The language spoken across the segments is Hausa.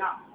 نعم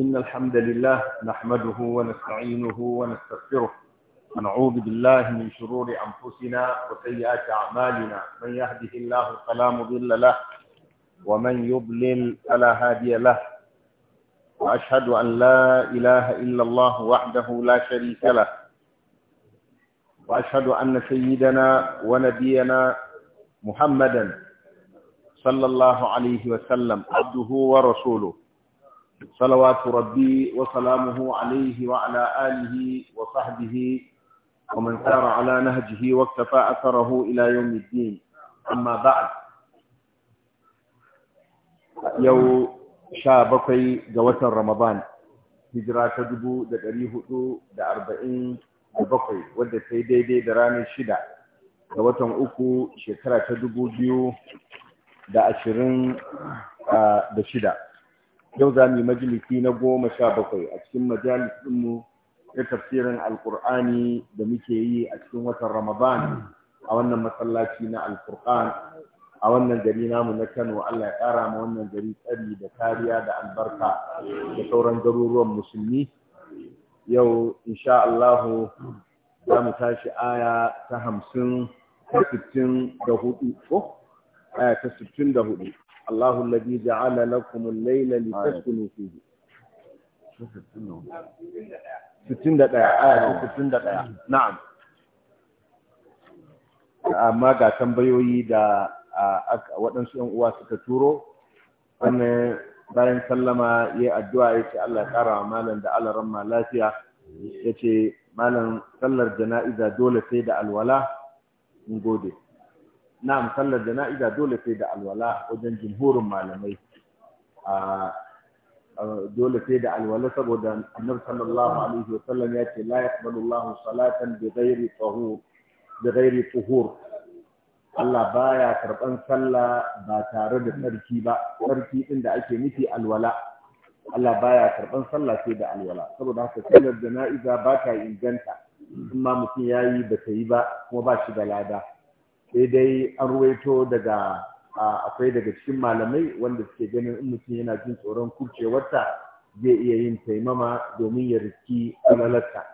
إن الحمد لله نحمده ونستعينه ونستغفره ونعوذ بالله من شرور أنفسنا وسيئات أعمالنا من يهده الله فلا مضل له ومن يضلل فلا هادي له وأشهد أن لا إله إلا الله وحده لا شريك له وأشهد أن سيدنا ونبينا محمدا صلى الله عليه وسلم عبده ورسوله صلوات ربي وسلامه عليه وعلى آله وصحبه ومن سار على نهجه واكتفى أثره إلى يوم الدين أما بعد يو شابقي جوات رمضان هجرة تدبو دقريه دو أربعين بقي ودى سيدي دي دراني شدع جوات أكو شكرة تدبو ديو دا دشدع دا yau za mu yi majalisi na goma sha bakwai a cikin majalis ɗinmu na tafsirin alkur'ani da muke yi a cikin watan ramadan a wannan masallaci na alkur'an a wannan gari namu na kano allah ya ƙara ma wannan gari tsari da kariya da albarka da sauran garuruwan musulmi yau insha allahu za mu tashi aya ta hamsin ta sittin da hudu ko aya ta sittin da hudu الله الذي جعل لكم الليل لتسكنوا فيه 61 آية 61 نعم amma ga tambayoyi da waɗansu ‘yan uwa suka turo wannan bayan sallama ya addu'a ya ce Allah ƙara wa malam da alaran ma lafiya ya ce malam sallar jana'iza dole sai da alwala in gode na'am sallar jana'iza dole sai da alwala wajen jumhurin malamai a dole sai da alwala saboda annabi sallallahu alaihi sallam ya ce la yaqbalu Allahu salatan bi ghairi tahur bi ghairi tahur Allah baya karban sallah ba tare da sarki ba sarki din da ake nufi alwala Allah baya karban sallah sai da alwala saboda haka sallar jana'iza ba ta inganta in mutum yayi ba ta yi ba kuma ba shi da lada sai dai an ruwaito daga akwai daga cikin malamai wanda suke ganin in mutum yana jin tsoron kurcewarta zai iya yin taimama domin ya riski alalarta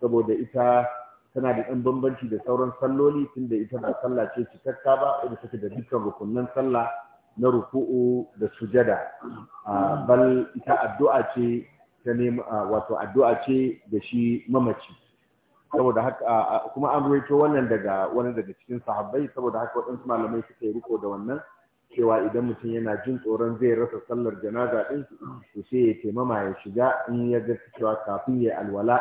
saboda ita tana da ɗan bambanci da sauran salloli tunda ita ba sallah ce cikakka ba wadda take da dukkan rukunnan sallah na ruku'u da sujada bal ita addu'a ce ta wato addu'a ce da shi mamaci saboda haka kuma an ruwaito wannan daga wani daga cikin sahabbai saboda haka waɗansu malamai suka yi riko da wannan cewa idan mutum yana jin tsoron zai rasa sallar janaza din to sai ya taimama ya shiga in ya ga cewa kafin ya alwala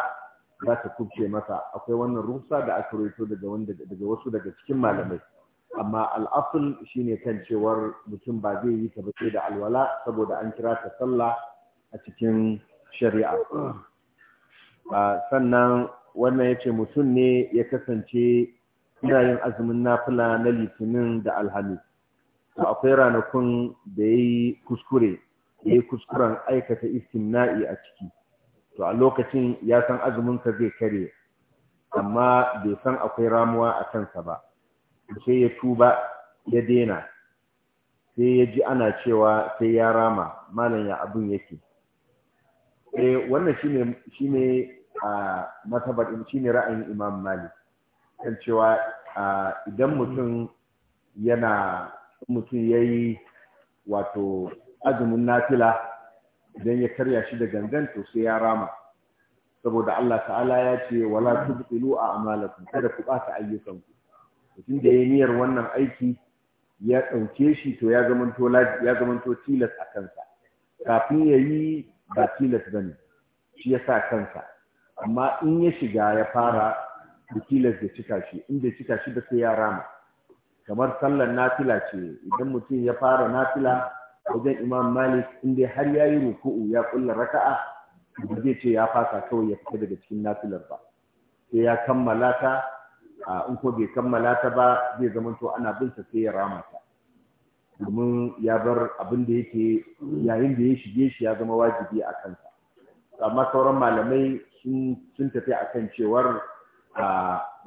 za ta kubce masa akwai wannan rusa da aka ruwaito daga wanda daga wasu daga cikin malamai amma al'asul shine kan cewar mutum ba zai yi ta ba sai da alwala saboda an kira ta sallah a cikin shari'a sannan wannan ya ce mutum ne ya kasance ina yin azumin nafila na litinin da alhamis to akwai ranakun da yayi kuskure yayi kuskuren aikata istimna'i a ciki to a lokacin ya san azumin ka zai kare amma bai san akwai ramuwa a kansa ba sai ya tuba ya dena sai ya ji ana cewa sai ya rama malam ya abin yake eh wannan shine shine a matabar shi ne ra'ayin imam malik kan cewa idan mutum yana mutum ya yi wato azumin nafila idan ya karya shi da gangan to sai ya rama saboda Allah ta'ala ya ce wala tubtilu a amalakum kada ku ɓata ayyukanku mutum da ya niyyar wannan aiki ya ɗauke shi to ya zamanto ya zamanto tilas a kansa kafin ya yi ba tilas ba ne, shi ya sa kansa amma in ya shiga ya fara bikilas da cika shi in da cika shi ba sai ya rama kamar sallar nafila ce idan mutum ya fara nafila wajen imam malik in dai har ya yi ruku'u ya kulla raka'a ba zai ce ya fasa kawai ya fita daga cikin nafilar ba sai ya kammala ta in ko bai kammala ta ba zai zamanto ana bin sa sai ya rama ta domin ya bar abin da yake yayin da ya shige shi ya zama wajibi a kansa amma sauran malamai sun tafi a kan cewar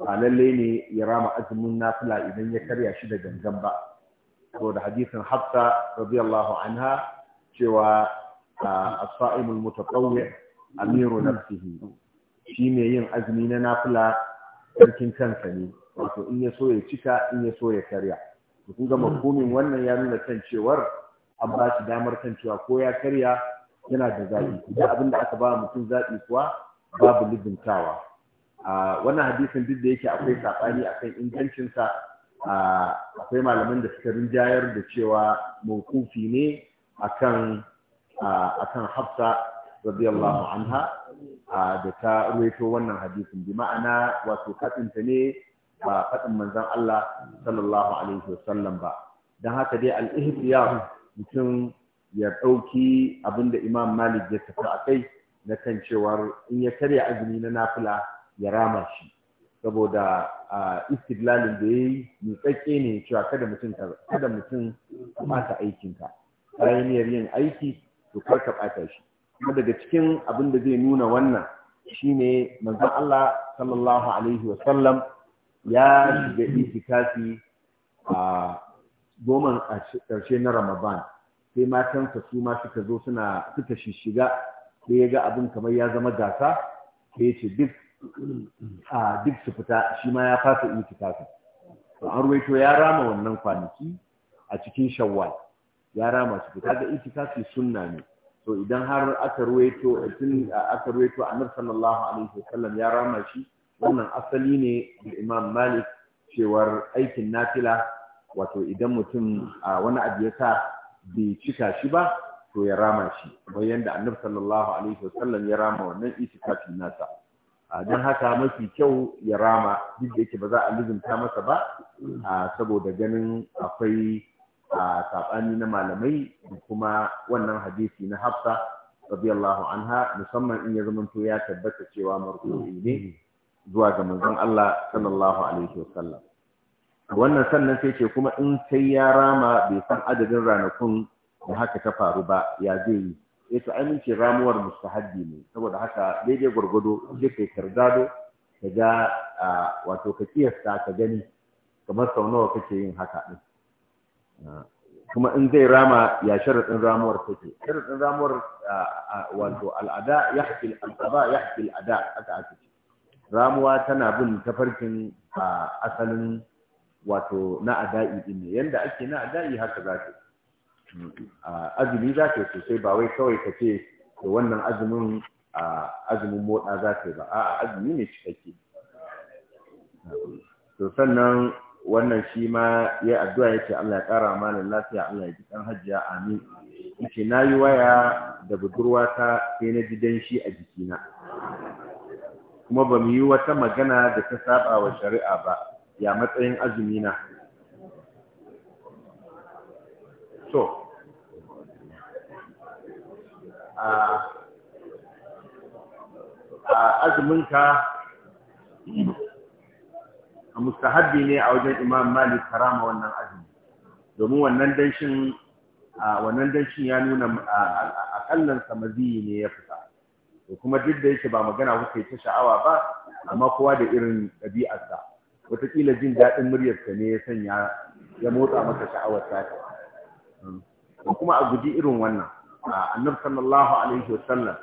a lalle ne ya rama azumin nafila idan ya karya shi da gangan ba saboda hadisin hafsa radiyallahu anha cewa as-sa'imul amiru nafsihi shi ne yin azumi na nafila sarkin kansa ne wato in ya so ya cika in ya so ya karya to kun ga mafhumin wannan ya nuna kan cewar an ba shi damar kan cewa ko ya karya yana da zaɓi idan abin da aka ba mutum zaɓi kuwa babu lizimtawa wannan hadisin duk da yake akwai saɓani akan ingancinsa akwai malaman da suka rinjayar da cewa mawkufi ne akan hafsa radiyallahu anha da ta ruwaito wannan hadisin bi ma'ana wato katsinta ne ba faɗin manzan Allah sallallahu alaihi wasallam ba don haka dai al mutum ya ɗauki abinda Imam Malik ya tafi a kai na kan cewar in ya karya azumi na nafila ya rama shi saboda istidlalin da ya yi nutsakke ne cewa kada mutum kada mutum ɓata aikinka bayan yin aiki to kar ka ɓata shi kuma daga cikin abin da zai nuna wannan shine manzon Allah sallallahu alaihi wa sallam ya shiga itikafi a goma a ƙarshe na Ramadan sai matansa su ma suka zo suna suka shishiga sai ya ga abin kamar ya zama gasa sai ya ce duk a duk su fita shi ma ya fasa itikafi to an ruwaito ya rama wannan kwanaki a cikin shawwal ya rama su fita ga itikafi sunna ne to idan har aka ruwaito tun aka ruwaito annabi sallallahu alaihi wasallam ya rama shi wannan asali ne da imam malik cewar aikin nafila wato idan mutum a wani abu ya sa bai cika shi ba to ya rama shi kamar yadda annabi sallallahu alaihi wasallam ya rama wannan itikafi nasa don haka mafi kyau ya rama duk da yake ba za a lizinta masa ba saboda ganin akwai saɓani na malamai da kuma wannan hadisi na hafsa radiyallahu anha musamman in ya zamanto ya tabbata cewa marfu'i ne zuwa ga manzon Allah sallallahu alaihi wasallam wannan sannan sai ce kuma in sai ya rama bai san adadin ranakun in haka ta faru ba ya zai yi ya ta aminci ramuwar Haddi ne saboda haka daidai gwargwado ya kai kardado ka ga wato ka kiyasta ka gani kamar sau nawa kake yin haka din kuma in zai rama ya sharaɗin ramuwar take sharaɗin ramuwar wato al'ada ya haƙi al'ada ya haƙi al'ada aka aka ce ramuwa tana bin tafarkin asalin wato na ada'i ɗin ne yanda ake na ada'i haka za ta azumi za ka yi sosai ba wai kawai ka ce da wannan azumin azumin moɗa za ka yi ba a'a azumi ne cikakke to sannan wannan shi ma ya addu'a ya ce Allah ya ƙara malam lafiya Allah ya ji ɗan hajjiya amin yace na yi waya da budurwa ta sai na ji shi a jikina kuma ba mu yi wata magana da ta saba wa shari'a ba ya matsayin azumi na. to a azuminka a mustahabi ne a wajen imam malik karama wannan azumi domin wannan danshin wannan danshin ya nuna kallon maziyi ne ya fita to kuma duk da yake ba magana kuka yi ta sha'awa ba amma kowa da irin ɗabi'arsa wataƙila jin daɗin muryarsa ne ya sanya ya motsa maka sha'awar sata ko kuma a guji irin wannan annabi sallallahu alaihi wasallam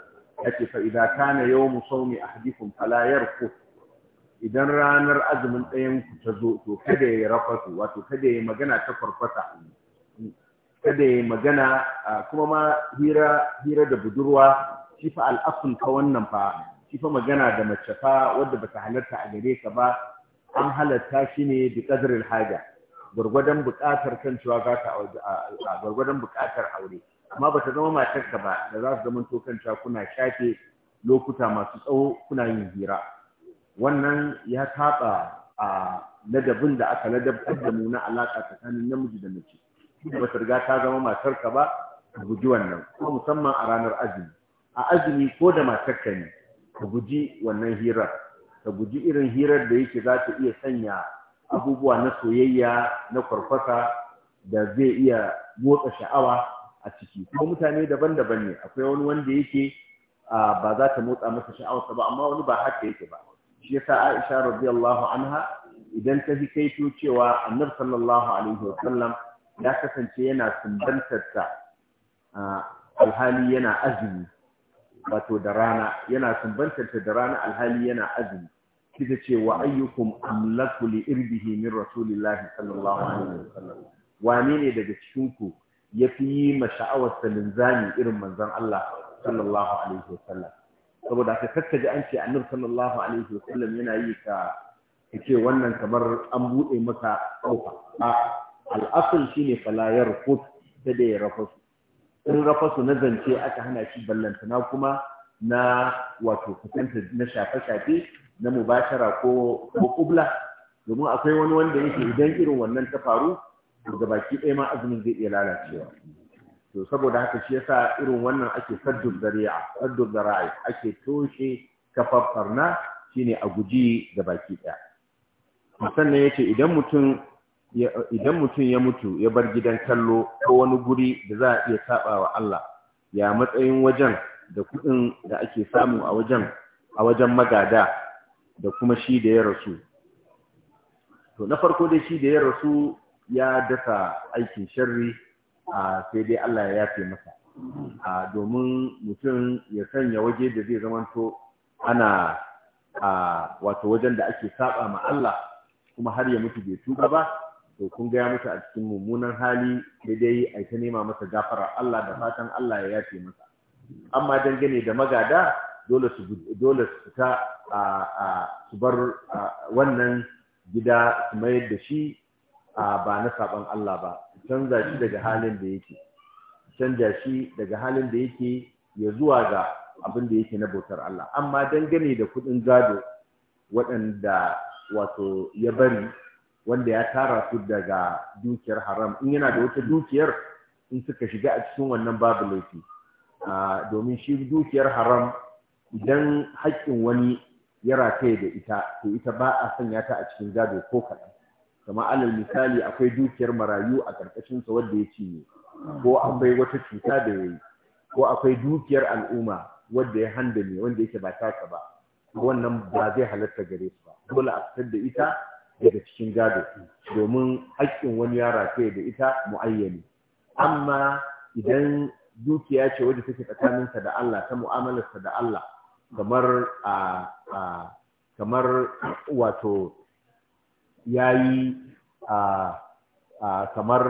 yace fa idza kana yawmu sawmi ahadikum fala yarfu idan ranar azumin ɗayan ku ta zo to kada ya rafasu wato kada ya magana ta farfasa kada ya magana kuma ma hira hira da budurwa shi fa al'afun ta wannan fa shi fa magana da mace fa wadda bata halarta a gare ka ba an halarta shi ne bi qadril haja gwargwadon buƙatar kan cewa za ta aure a gwargwadon buƙatar aure amma ba ta zama matar ka ba da za su zama to kan cewa kuna shafe lokuta masu tsawo kuna yin hira wannan ya taɓa a ladabin da aka ladabtar da mu na alaƙa tsakanin namiji da mace ba ta riga ta zama matar ka ba ka guji wannan ko musamman a ranar azumi a azumi ko da matar ka ne ka guji wannan hirar ka guji irin hirar da yake za ta iya sanya abubuwa na soyayya na kwarkwasa da zai iya motsa sha'awa a ciki kuma mutane daban-daban ne akwai wani wanda yake ba za ta motsa masa sha'awarsa ba amma wani ba haka yake ba shi yasa Aisha radiyallahu anha idan ta fi kaito cewa Annabi sallallahu alaihi wa sallam ya kasance yana sumbantar ta alhali yana azumi wato da rana yana sumbantar ta da rana alhali yana azumi Kita ce wa ayyukum amlaku li irbihi min sallallahu alaihi wasallam wane ne daga cikin ku yafi yi ma sha'awar linzami irin manzon Allah sallallahu alaihi wasallam saboda ka kakkaji an ce annabi sallallahu alaihi wasallam yana yi ka ce wannan kamar an buɗe maka ƙofa a al'asul shine falayar yarfut ta da ya rafasu in rafasu na zance aka hana shi ballantana kuma na wato kusanta na shafe-shafe na mubashara ko ko kubla domin akwai wani wanda yake idan irin wannan ta faru daga baki ɗaya ma azumin zai iya lalacewa to saboda haka shi yasa irin wannan ake saddu zari'a saddu zara'i ake toshe na, shine a guji da baki ɗaya sannan yace idan mutum idan mutum ya mutu ya bar gidan kallo ko wani guri da za a iya saba wa Allah ya matsayin wajen da kuɗin da ake samu a wajen a wajen magada da kuma shi da ya rasu to na farko dai shi da ya rasu ya dasa aikin sharri a sai dai Allah ya yafe masa a domin mutum ya sanya waje da zai zamanto ana a wato wajen da ake saba ma Allah kuma har ya mutu bai tuba ba to kun ga ya mutu a cikin mummunan hali sai dai ai ta nema masa gafara Allah da fatan Allah ya yafe masa amma dangane da magada dole su dole su fita a su bar wannan gida su mayar da shi a ba na saban Allah ba Su canza shi daga halin da yake canza shi daga halin da yake ya zuwa ga abin da yake na bautar Allah amma dangane da kudin gado waɗanda wato ya bari wanda ya tara su daga dukiyar haram in yana da wata dukiyar in suka shiga a cikin wannan babu laifi domin shi dukiyar haram idan haƙƙin wani ya rataye da ita to ita ba a sanya ta a cikin gado ko kaɗan kama alal misali akwai dukiyar marayu a ƙarƙashinsa wadda ya cinye ko akwai wata cuta da ya yi ko akwai dukiyar al'umma wadda ya handame wanda yake ba taka ba wannan ba zai halarta gare su ba dole a fitar da ita daga cikin gado domin haƙƙin wani ya rataye da ita mu'ayyani amma idan dukiya ce wadda take tsakaninsa da Allah ta mu'amalarsa da Allah kamar a kamar wato yayi a kamar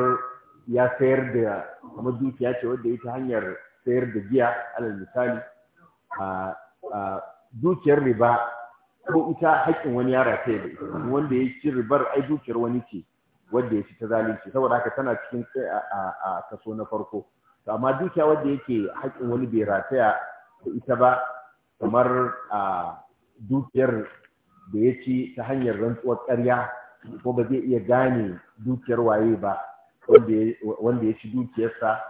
ya sayar da kamar dukiya ce wadda ya ta hanyar sayar da giya alal misali dukiyar riba ko ita haƙƙin wani yara ta yi wanda ya ci ribar ai dukiyar wani ce wadda ya ci ta zalunci saboda haka tana cikin a kaso na farko amma dukiya wadda yake haƙƙin wani bai rataya da ita ba kamar a dukiyar da ya ci ta hanyar rantsuwar ƙarya ko ba zai iya gane dukiyar waye ba wanda ya ci dukiyarsa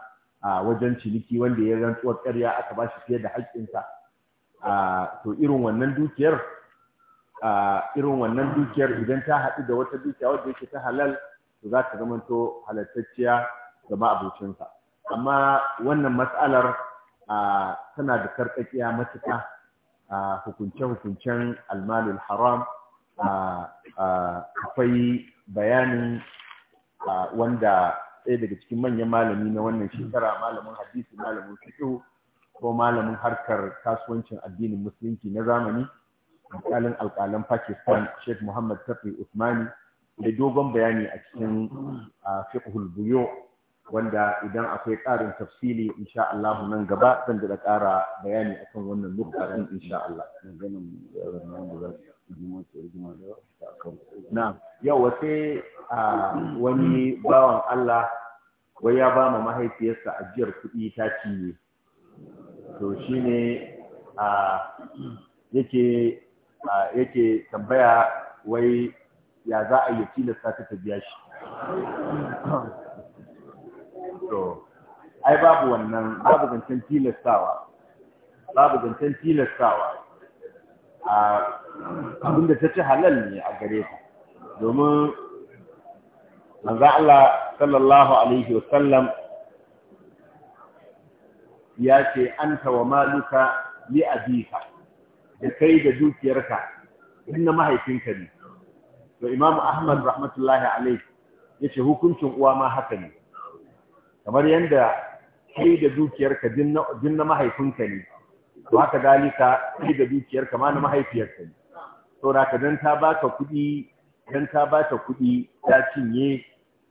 a wajen ciniki wanda ya rantsuwar ƙarya aka ba shi fiye da haƙƙinsa to irin wannan dukiyar irin wannan dukiyar idan ta haɗu da wata dukiya wadda yake ta halal to za ta zamanto halattacciya ga ma'abocinsa amma wannan matsalar tana da karkakiya matuƙa hukunce-hukuncen almalul haram akwai bayanin wanda ɗaya daga cikin manyan malami na wannan shekara malamin hadisi malamin fiqh ko malamin harkar kasuwancin addinin musulunci na zamani alƙalin alƙalan Pakistan Sheikh Muhammad Tafi Usmani da dogon bayani a cikin fiqhul buyo wanda idan akwai ƙarin tafsili insha Allah nan gaba zan da ƙara bayani akan wannan nukta insha Allah na yau sai wani bawan Allah wai ya ba ma mahaifiyarsa ajiyar kuɗi ta cinye to shine yake yake tambaya wai ya za a yi tilasta ta biya shi ai babu wannan babu zancen tilastawa babu zancen tilastawa a abinda ta ci halal ne a gare ta domin manzo Allah sallallahu alaihi wa sallam, ya ce anta wa maluka li abika da kai da dukiyarka inna mahaifinka ne to Imam ahmad rahmatullahi alaihi yace hukuncin uwa ma haka ne kamar yanda kai da dukiyarka din na mahaifinka ne to haka dalika kai da dukiyarka ma na mahaifiyarka ne to ka dan ta baka kuɗi dan ta baka kuɗi ta cinye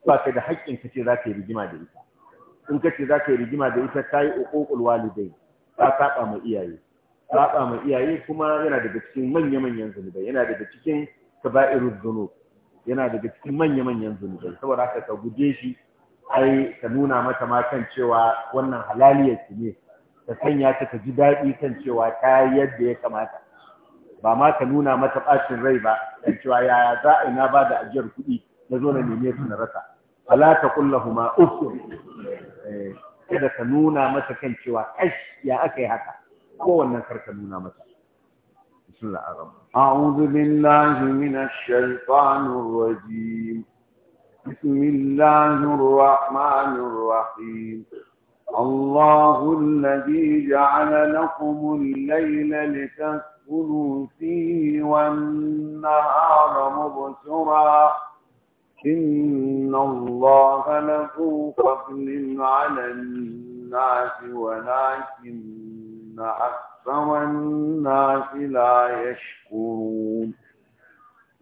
ba ka da haƙƙin ka ce za ka yi rigima da ita in ka ce za ka yi rigima da ita ka yi uƙoƙul walidai ka saɓa ma iyaye saɓa ma iyaye kuma yana daga cikin manya-manyan zunubai yana daga cikin kaba'irul zunub yana daga cikin manya-manyan zunubai saboda haka ka guje shi ai ka nuna mata ma kan cewa wannan halaliyar ki ne ka sanya ta ta ji daɗi kan cewa ta yadda ya kamata ba ma ka nuna mata ɓacin rai ba kan cewa yaya za a ina ba da ajiyar kuɗi na zo na neme su na rasa fala ta kullahuma uffun eh, kada ka nuna mata kan cewa ash ya aka yi haka kowannan kar ka nuna mata بسم الله الرحمن الرحيم أعوذ بالله من الشيطان الرجيم بسم الله الرحمن الرحيم الله الذي جعل لكم الليل لتسكنوا فيه والنهار مبصرا إن الله لذو فضل على الناس ولكن أكثر الناس لا يشكرون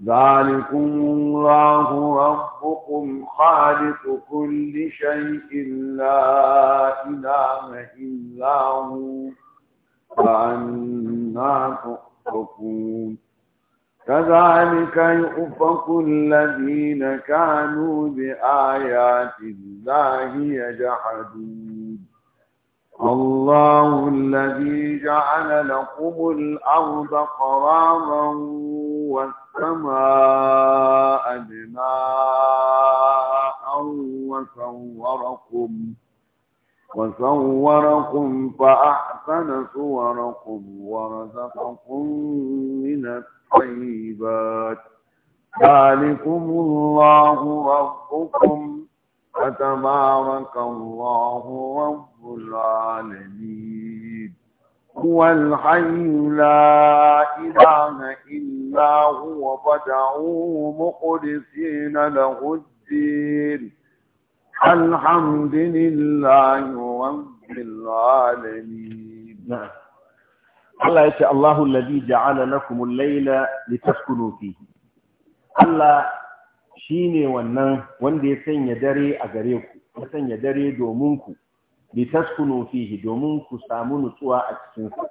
ذلكم الله ربكم خالق كل شيء لا إله إلا هو فأنا تؤفكون كذلك يؤفك الذين كانوا بآيات الله يجحدون الله الذي جعل لكم الأرض قرارا والسماء بناء وصوركم وصوركم فأحسن صوركم ورزقكم من الطيبات ذلكم الله ربكم فتبارك الله رب العالمين هو الحي لا إله إلا هو فدعوه مخلصين له الدين الحمد لله رب العالمين نعم الله يسأل الله الذي جعل لكم الليل لتسكنوا فيه الله shi ne wannan wanda ya sanya dare a gare ku ya sanya dare domin ku litaskunu fihi domin ku samu nutsuwa a cikin sa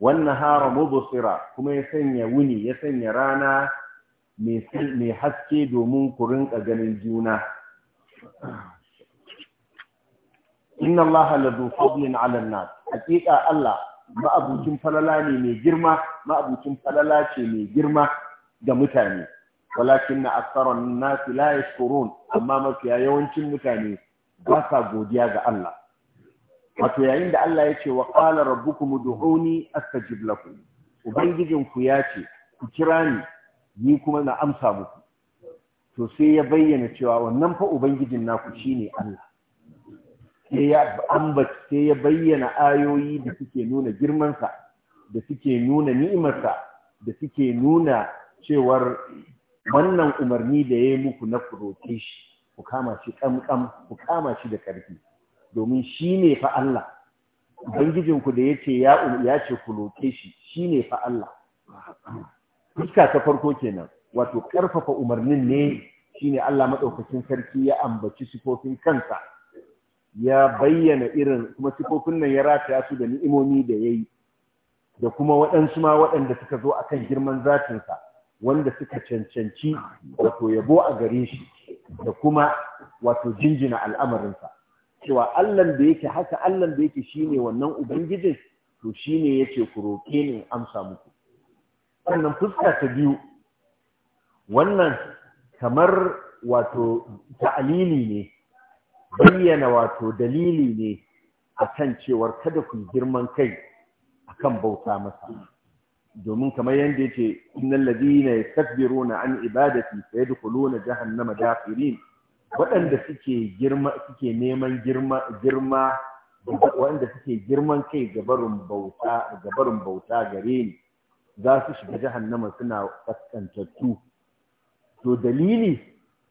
wannan hara mubusira kuma ya sanya wuni ya sanya rana mai haske domin ku rinka ganin juna inna Allah ladu fadlin ala nas hakika allah ma'abucin falala ne mai girma ma'abucin falala ce mai girma ga mutane walakin na aksarar nasi la yashkurun amma mafiya yawancin mutane ba sa godiya ga Allah wato yayin da Allah ya ce wa ku rabbukum ud'uni astajib lakum ubangijin ku ya ce ku kira ni ni kuma na amsa muku to sai ya bayyana cewa wannan fa ubangijin naku shine Allah sai ya ambaci sai ya bayyana ayoyi da suke nuna girmansa da suke nuna ni'imarsa da suke nuna cewar wannan umarni da ya yi muku na ku shi ku kama shi ƙamƙam ku kama shi da ƙarfi domin shi ne fa Allah ubangijinku da yace ya um, ya ce ku shi shi ne fa Allah fuska ta farko kenan wato ƙarfafa umarnin ne shine Allah maɗaukacin sarki ya ambaci sifofin kansa ya bayyana irin kuma sifofin nan ya rataya su da ni'imomi da ya yi, da kuma waɗansu ma waɗanda suka zo a kan girman zatinsa wanda suka cancanci wato yabo a gare shi da kuma wato jinjina al'amarinsa cewa Allahn da yake haka Allahn da yake shine wannan ubangijin to shine yace ku roke ni amsa muku sannan fuska ta biyu wannan kamar wato ta'alili ne bayyana wato dalili ne akan cewar kada ku girman kai akan bauta masa domin kamar yadda yake innal ladina yastakbiruna an ibadati sayadkhuluna jahannama dafirin waɗanda suke girma suke neman girma girma waɗanda suke girman kai gabarin bauta gabarin bauta gare ni za su shiga jahannama suna kaskantattu to dalili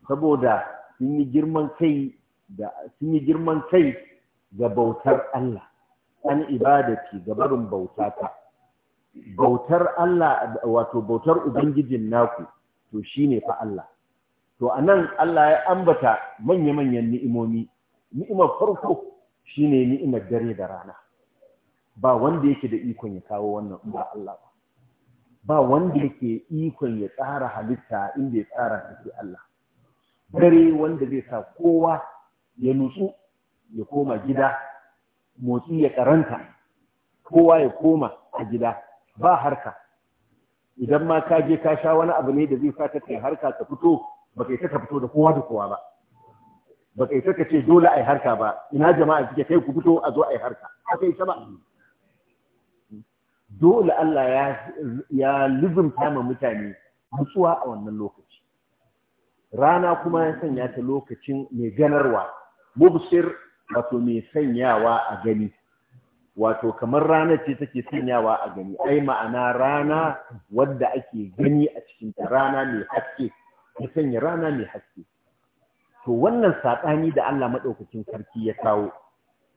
saboda sun yi girman kai da sun yi girman kai ga bautar Allah an ibadati gabarin bautata bautar Allah wato bautar ubangijin naku to shine fa Allah to anan Allah ya ambata manya-manyan ni'imomi ni'imar farko shine ni'imar dare da rana ba wanda yake da ikon ya kawo wannan ba Allah ba ba wanda yake ikon ya tsara halitta inda ya tsara shi Allah dare wanda zai sa kowa ya nutsu ya koma gida motsi ya karanta kowa ya koma a gida ba harka idan ma ka je ka sha wani abu ne da zai sa kai harka ka fito ba kai ka fito da kowa da kowa ba ba kai ka ce dole ai harka ba ina jama'a kike kai ku fito a zo ai harka akai ta ba dole Allah ya ya lizumta ma mutane nutsuwa a wannan lokaci rana kuma ya sanya ta lokacin mai ganarwa mubsir wato mai sanyawa a gani wato kamar rana ce take sanyawa a gani ai ma'ana rana wadda ake gani a cikin ta. rana mai haske ya sanya rana mai haske to wannan saɓani da Allah maɗaukakin sarki ya kawo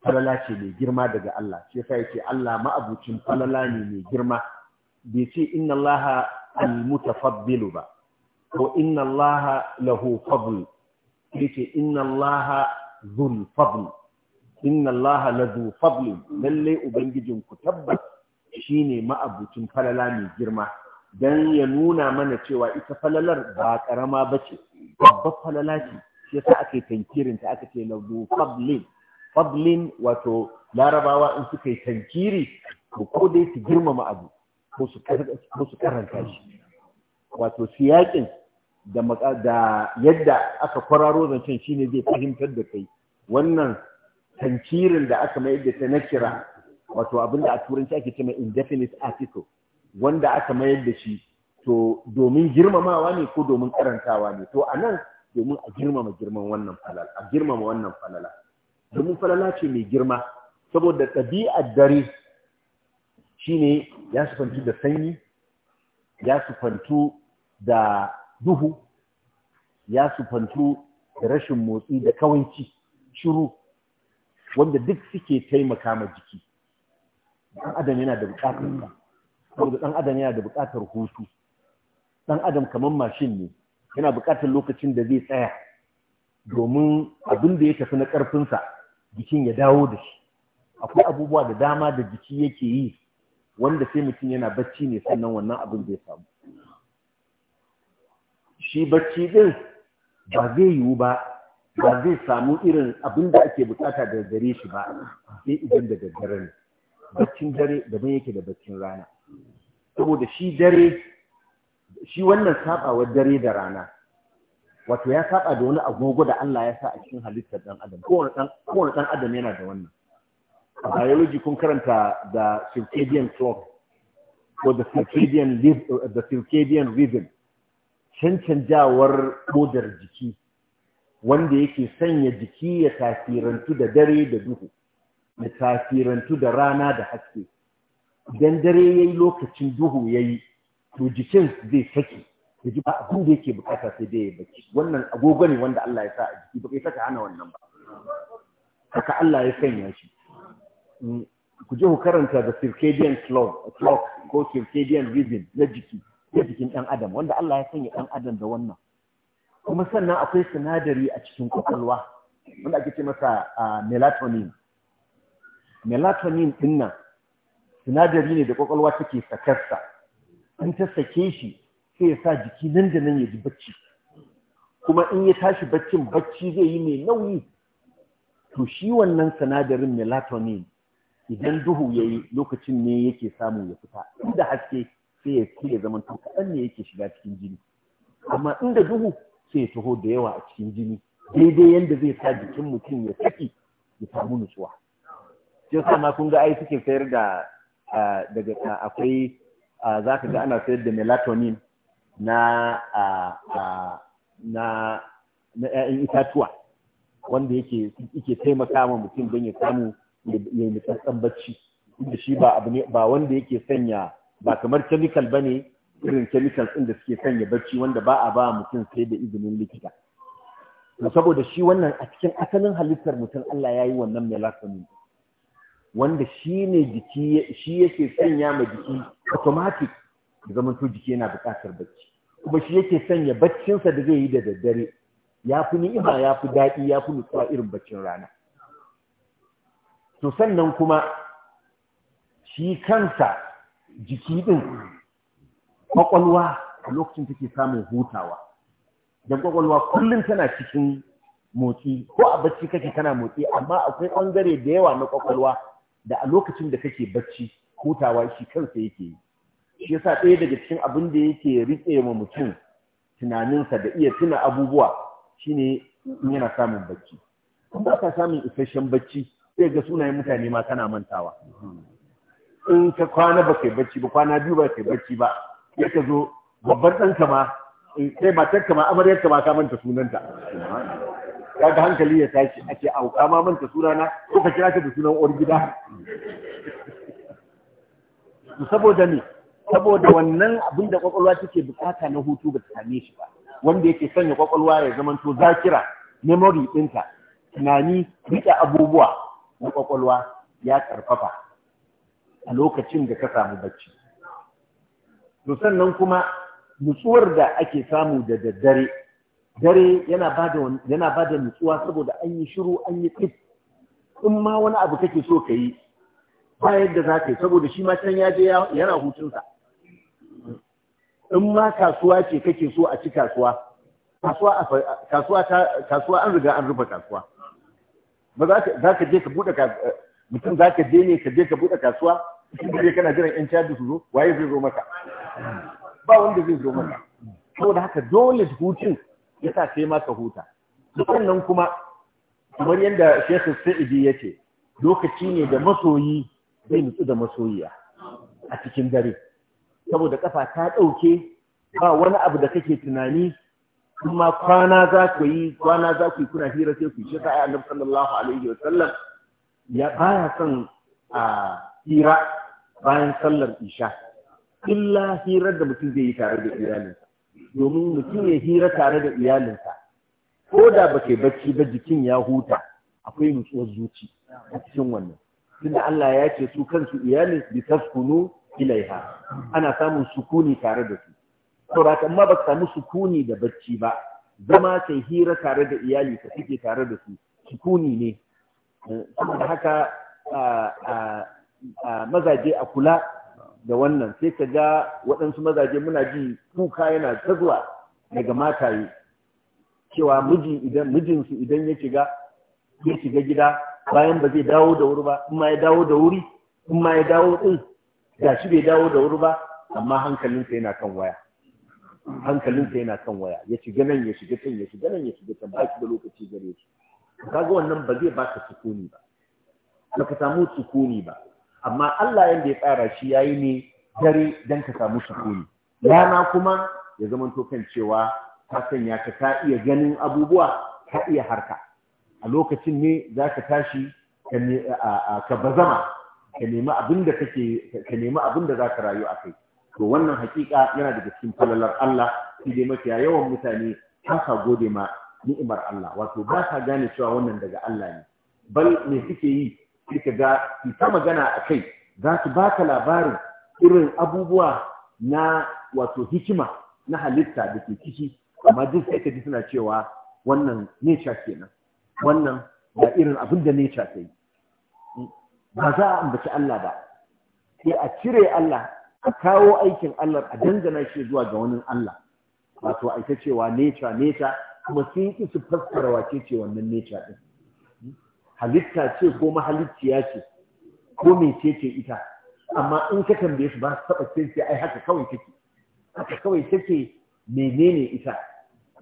falala ce mai girma daga Allah shi yasa yake Allah ma'abucin falala ne mai girma bai ce inna Allah al-mutafaddilu ba ko inna Allah lahu fadl yake inna Allah zul fadl inna Allah lazu fadlin lalle ubangijin ku tabbas shine ma'abucin falala mai girma dan ya nuna mana cewa ita falalar ba karama bace babbar falala ce shi yasa yi tankirin ta aka ce lazu fadlin fadlin wato larabawa in suka yi tankiri ko dai su girmama abu ko su karanta shi wato siyakin da yadda aka kwararo zancen shine zai fahimtar da kai wannan tankirin da aka mayar da ta na kira wato abin da a turanci ake cewa indefinite article wanda aka mayar da shi to domin girmamawa ne ko domin karantawa ne to anan domin a girmama girman wannan falala a girmama wannan falala domin falala ce mai girma saboda ɗabi'ar dare shine ya sufantu da sanyi ya sufantu da duhu ya sufantu da rashin motsi da kawanci shiru wanda duk suke taimaka ma jiki dan adam yana da buƙatar ka saboda dan adam yana da buƙatar hutu dan adam kaman mashin ne yana buƙatar lokacin da zai tsaya domin abin da ya tafi na ƙarfinsa jikin ya dawo da shi akwai abubuwa da dama da jiki yake yi wanda sai mutum yana bacci ne sannan wannan abin zai samu shi bacci din ba zai yiwu ba ba zai samu irin abin da ake bukata da gare shi ba sai idan da daddare ne baccin dare daban yake da baccin rana saboda shi dare shi wannan sabawar dare da rana wato ya saba da wani agogo da Allah ya sa a cikin halittar dan adam kowane dan kowane dan adam yana da wannan a biology kun karanta da circadian clock ko the circadian the circadian rhythm cancanjawar kodar jiki wanda yake sanya jiki ya tasirantu da dare da duhu ya tasirantu da rana da haske idan dare ya yi lokacin duhu ya yi, to jikin zai saki ya ji abin da yake bukata sai dai ya baki wannan agogo ne wanda Allah ya sa a jiki ba kai saka hana wannan ba haka Allah ya sanya shi mm, ku je ku karanta da circadian clock ko circadian rhythm na jiki ya jikin dan adam wanda Allah ya sanya dan adam da wannan kuma sannan akwai sinadari a cikin kwakwalwa wanda ake ce masa melatonin melatonin din sinadari ne da kwakwalwa take sakarsa in ta sake shi sai ya sa jiki nan da nan ya ji bacci kuma in ya tashi baccin bacci zai yi mai nauyi to shi wannan sinadarin melatonin idan duhu ya yi lokacin ne yake samu ya fita inda haske sai ya zama to kaɗan ne yake shiga cikin jini amma inda duhu sai ya taho da yawa a cikin jini daidai yadda zai sa jikin mutum ya saki ya samu nutsuwa shi ma kun ga ai suke sayar da daga akwai za ka ga ana sayar da melatonin na na na 'ya'yan itatuwa wanda yake yake taimaka ma mutum don ya samu ya yi nutsatsen bacci da shi ba wanda yake sanya ba kamar chemical ne. irin chemicals ɗin da suke sanya barci, wanda ba a ba mutum sai da izinin likita to saboda shi wannan a cikin asalin halittar mutum Allah ya yi wannan melatonin wanda shi ne jiki shi yake sanya ma jiki automatic da zaman to jiki yana buƙatar barci, kuma shi yake sanya barcinsa da zai yi da daddare ya fi ni'ima ya fi daɗi ya fi nutsuwa irin barcin rana to sannan kuma shi kansa jiki ɗin kwakwalwa a lokacin take samun hutawa don kwakwalwa kullum tana cikin motsi ko a bacci kake tana motsi amma akwai ɓangare da yawa na kwakwalwa da a lokacin da kake bacci hutawa shi kansa yake yi shi yasa ɗaya daga cikin abin da yake riƙe ma mutum tunaninsa da iya tuna abubuwa shine in yana samun bacci in ba ka samun isasshen bacci sai ga sunayen mutane ma kana mantawa in ka kwana ba kai bacci ba kwana biyu ba kai bacci ba ya zo babban ɗanka ma eh, sai ka ma ka ma ka manta sunanta kaga hankali ya tashi ake auka ma manta sunana ko ka kira ta da sunan uwar gida saboda ne saboda wannan abin da kwakwalwa take bukata na hutu ba ta same shi ba wanda yake sanya kwakwalwa ya zamanto zakira memory ɗinta tunani riƙe abubuwa na kwakwalwa ya karfafa a lokacin da ka samu bacci to sannan kuma nutsuwar da ake samu da daddare dare yana bada yana nutsuwa saboda an yi shiru an yi tsif in ma wani abu kake so ka yi ba yadda za ka yi saboda shi ma can ya je yana hutunsa in ma kasuwa ce kake so a ci kasuwa kasuwa an riga an rufe kasuwa ba za ka je ka bude mutum za ka je ne ka je ka bude kasuwa shi da kana jiran yan caji su zo waye zai zo maka ba wanda zai zo maka saboda haka dole hutun ya sa sai maka huta sannan kuma kamar yadda Sheikh Sa'idi ce, lokaci ne da masoyi zai nutsu da masoyiya a cikin dare saboda kafa ta ɗauke ba wani abu da kake tunani kuma kwana za ku yi kwana za ku yi kuna hira sai ku shi ta ayyana sallallahu alaihi wa sallam ya baya son a ah, hira bayan sallar isha illa hirar da mutum zai yi tare da iyalinsa domin mutum ya hira tare da iyalinsa ko da ba kai bacci ba jikin ya huta akwai nutsuwar zuci a cikin wannan tunda Allah ya ce su kansu iyalin bi taskunu ilaiha ana samun sukuni tare da su saboda amma ba samu sukuni da bacci ba zama kai hira tare da iyali ka kike tare da su sukuni ne saboda mazaje a kula da wannan sai ka ga waɗansu mazaje muna ji kuka yana ta zuwa daga mataye cewa mijinsu idan ya shiga ya shiga gida bayan ba zai dawo da wuri ba in ma ya dawo da wuri in ma ya dawo din ga shi bai dawo da wuri ba amma hankalinsa yana kan waya hankalinsa yana kan waya ya shiga nan ya shiga can ya shiga nan ya shiga can ba shi da lokaci gare shi kaga wannan ba zai baka sukuni ba baka samu sukuni ba amma Allah yanda ya tsara shi ya yi ne dare dan ka samu sukuni rana kuma ya zama tokan cewa ka sanya ka ta iya ganin abubuwa ka iya harka a lokacin ne za ka tashi ka bazama ka nemi abin da za ka rayu a kai to wannan hakika yana daga cikin falalar Allah shi dai mafiya yawan mutane haka gode ma ni'imar Allah wato ba ka gane cewa wannan daga Allah ne bal me suke yi sai ka ga ta magana a kai za su baka labarin irin abubuwa na wato hikima na halitta da ke ciki amma duk sai ka ji suna cewa wannan nature kenan wannan da irin abin da nature ta yi ba za a ambaci Allah ba sai a cire Allah a kawo aikin Allah a dangana shi zuwa ga wani Allah wato aita cewa nature nature kuma sun yi su fassara wace ce wannan nature din halitta ce ko mahalicciya ce ko mece ce ita amma in ka tambaye su ba su taɓa cin-cin ai haka kawai take haka kawai take menene ita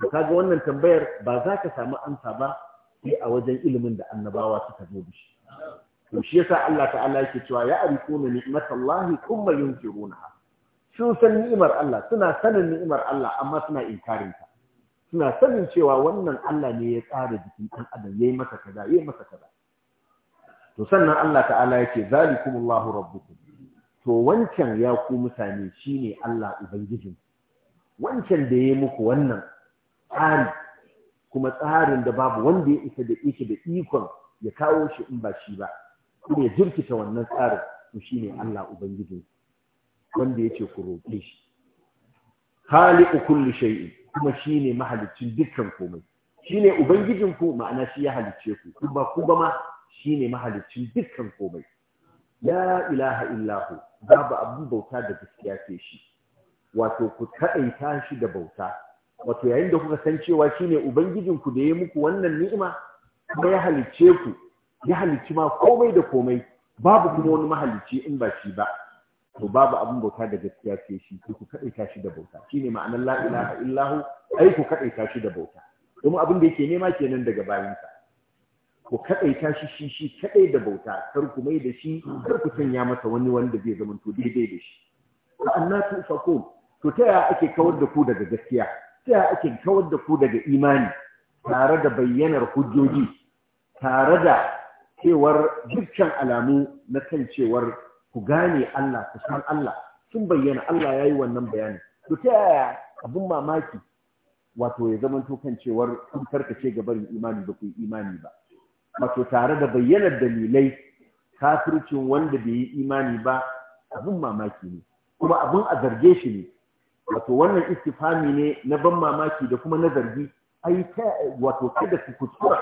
to kaga wannan tambayar ba za ka samu amsa ba sai a wajen ilimin da annabawa suka zo da shi to shi yasa Allah ta'ala yake cewa ya arifuna ni'matallahi kuma yunkirunaha sun san ni'imar Allah suna sanin ni'imar Allah amma suna inkarin ta suna sanin cewa wannan Allah ne ya tsara jikin ɗan adam yayi masa kaza yayi masa kaza to sannan Allah ta'ala yake zalikumullahu rabbukum to wancan ya ku mutane shine Allah ubangijin wancan da yayi muku wannan tsari kuma tsarin da babu wanda ya isa da yake da ikon ya kawo shi in ba shi ba kuma ya jirkita wannan tsarin to shine Allah ubangijin wanda yake ku roƙe shi khaliqu kulli shay'in kuma shi ne mahalicin dukkan komai shi ne ubangijinku ma'ana shi ya halicce ku kuma ku ma shi ne mahalicin dukkan komai ya ilaha illahu babu abin bauta da gaskiya ce shi wato ku kaɗaita shi da bauta wato yayin da kuka san cewa shi ne ubangijinku da ya yi muku wannan ni'ima kuma ya halicce ku ya halicci ma komai da komai babu kuma wani mahalicci in ba shi ba to babu abin bauta da gaskiya sai shi sai ku kaɗaita shi da bauta shine ma'anar la ilaha illahu ai ku kaɗaita shi da bauta domin abin da yake nema kenan daga bayansa ku kaɗaita shi shi shi kaɗai da bauta kar ku mai da shi kar ku sanya masa wani wanda zai zama to daidai da shi anna tufakun to ta ya ake kawar da ku daga gaskiya ta ya ake kawar da ku daga imani tare da bayyanar hujjoji tare da cewar dukkan alamu na kan cewar ku gane Allah ku san Allah sun bayyana Allah ya yi wannan bayanin to ta yaya abin mamaki wato ya zama to kan cewar sun karkace ga barin imani ba ku yi imani ba wato tare da bayyana dalilai kafircin wanda bai yi imani ba abin mamaki ne kuma abun a zarge shi ne wato wannan istifami ne na ban mamaki da kuma na zargi ai wato kada ku kuskura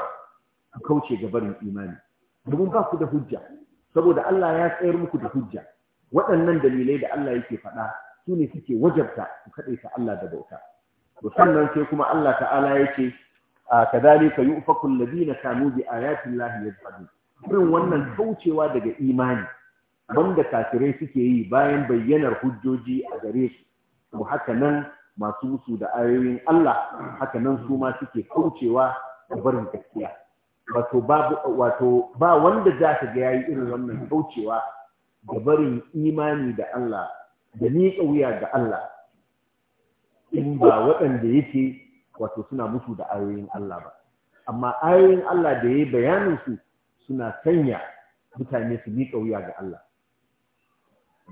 ku kauce ga barin imani domin ba ku da hujja saboda Allah ya tsayar muku da hujja waɗannan dalilai da Allah yake faɗa su ne suke wajabta su kaɗaita Allah da bauta to sai kuma Allah ta'ala yake a ka yi ufakun alladhina kanu bi ayati llahi yajhadun irin wannan kaucewa daga imani wanda kafirai suke yi bayan bayyanar hujjoji a gare su to haka nan masu musu da ayoyin Allah haka nan su ma suke kaucewa da barin gaskiya wato ba wanda za ka ga yayi irin wannan kaucewa da barin imani da Allah da ni wuya ga Allah in ba waɗanda yake wato suna mutu da ayoyin Allah ba amma ayoyin Allah da yayi bayanin su suna sanya mutane su miƙa wuya ga Allah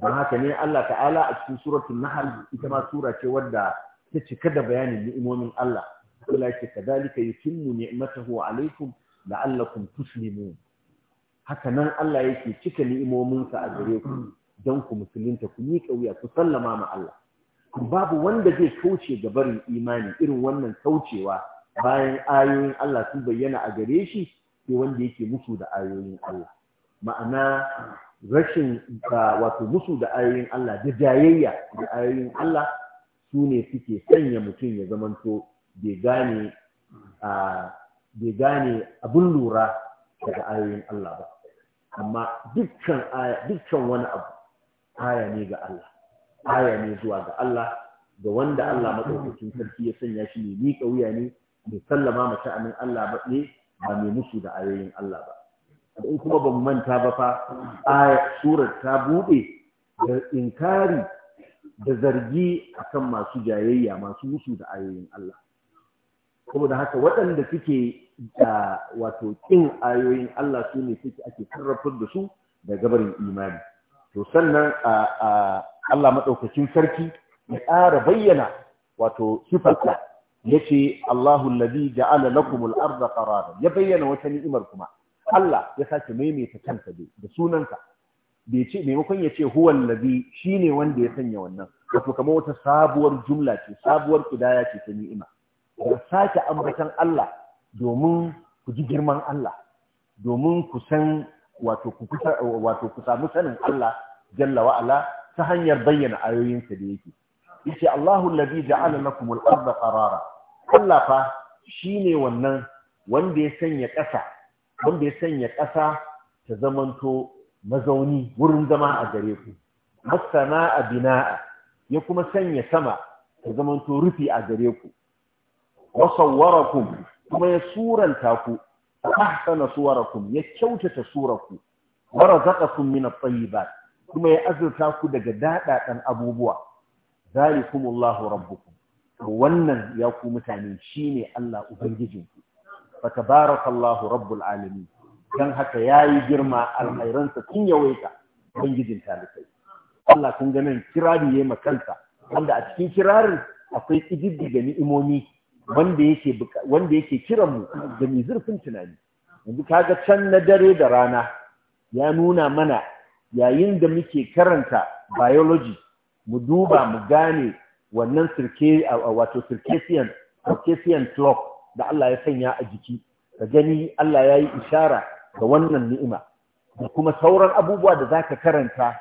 don haka ne Allah ta'ala a cikin suratul nahl ita ma sura ce wadda ta cika da bayanin ni'imomin Allah Allah ya ce kadalika yutimmu ni'matahu alaykum la'allakum tuslimun haka nan Allah yake cika ni'imominsa a gare ku don ku musulunta ku miƙa wuya ku sallama ma Allah babu wanda zai kauce ga barin imani irin wannan kaucewa bayan ayoyin Allah sun bayyana a gare shi sai wanda yake musu da ayoyin Allah ma'ana rashin wato musu da ayoyin Allah da jayayya da ayoyin Allah su ne suke sanya mutum ya zamanto bai gane a bai gane abin lura daga ayoyin Allah ba amma dukkan wani abu aya ne ga Allah aya ne zuwa ga Allah ga wanda Allah madaukakin sarki ya sanya shi ne miƙa wuya ne mai sallama mace amin Allah ba ne ba mai musu da ayoyin Allah ba in kuma ban manta ba fa aya surar ta bude da inkari da zargi akan masu jayayya masu musu da ayoyin Allah saboda haka waɗanda suke da wato ƙin ayoyin Allah su ne suke ake sarrafar da su da gabarin imani to sannan a Allah maɗaukacin sarki ya ƙara bayyana wato sifarsa yace Allahu alladhi ja'ala lakumul arda qararan ya bayyana wata ni'imar kuma Allah ya sace maimaita kansa da sunansa bai ce maimakon ya ce huwa shi shine wanda ya sanya wannan wato kamar wata sabuwar jumla ce sabuwar kidaya ce ta ni'ima da sake ambatan Allah domin ku ji girman Allah domin ku san wato ku samu sanin Allah jalla wa'ala, ta hanyar bayyana ayoyinsa da yake yace Allahu hulabi ja'ala na al-ardha ƙarara. Allah fa shi ne wannan wanda ya sanya ƙasa wanda ya sanya ƙasa ta zamanto mazauni wurin zama a gare ku masana bina'a ya kuma sanya sama ta zamanto rufi a gare ku wa sawwarakum kuma ya suranta ku ahsana suwarakum ya kyautata suraku wa razaqakum min at-tayyibat kuma ya azurta ku daga dadadan abubuwa zalikumullahu rabbukum wannan ya ku mutane shine Allah ubangijinku fatabarakallahu rabbul alamin dan haka yayi girma alkhairansa tun yawaita ubangijin talibai Allah kun ga nan kirari yayi makanta wanda a cikin kirarin akwai kididdiga ni'imomi wanda yake wanda yake kiran mu da mai zurfin tunani yanzu kaga can na dare da rana ya nuna mana yayin da muke karanta biology mu duba mu gane wannan sirke wato circassian circassian clock da Allah ya sanya a jiki ka gani Allah ya yi ishara ga wannan ni'ima da kuma sauran abubuwa da zaka karanta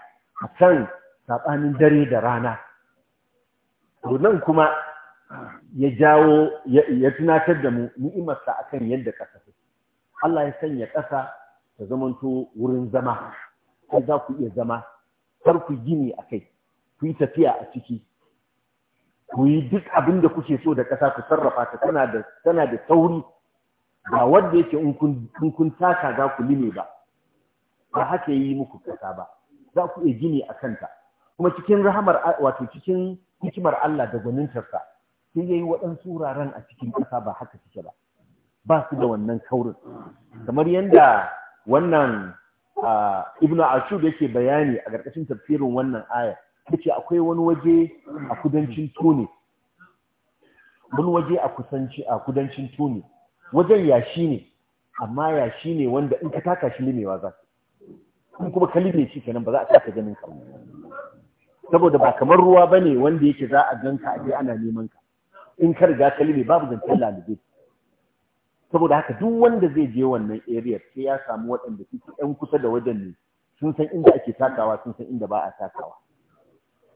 a kan saɓanin dare da rana. to nan kuma ya jawo ya tunatar da mu ni'imarsa akan yadda ƙasa Allah ya sanya ƙasa ta zamanto wurin zama sai za ku iya zama har ku gini a kai ku yi tafiya a ciki ku yi duk abin da kuke so da ƙasa ku sarrafa ta tana da sauri. ba wanda yake in kun in kun taka za ku lime ba ba haka yi muku ƙasa ba za ku iya gini a kanta kuma cikin rahamar wato cikin hikimar Allah da gwanintarsa sai yi waɗansu wuraren a cikin ƙasa ba haka suke ba ba su da wannan kaurin kamar yadda wannan ibn ashur yake bayani a ƙarƙashin tafsirin wannan aya yace akwai wani waje a kudancin tuni wani waje a kusanci a kudancin tuni wajen yashi ne amma yashi ne wanda in ka taka shi limewa za in kuma ka lime shi kenan ba za a taka ganin ka saboda ba kamar ruwa ba ne wanda yake za a ganka a je ana neman ka in ka riga ka lime babu zancen lalube saboda haka duk wanda zai je wannan area sai ya samu waɗanda suke ɗan kusa da wajen ne sun san inda ake takawa sun san inda ba a takawa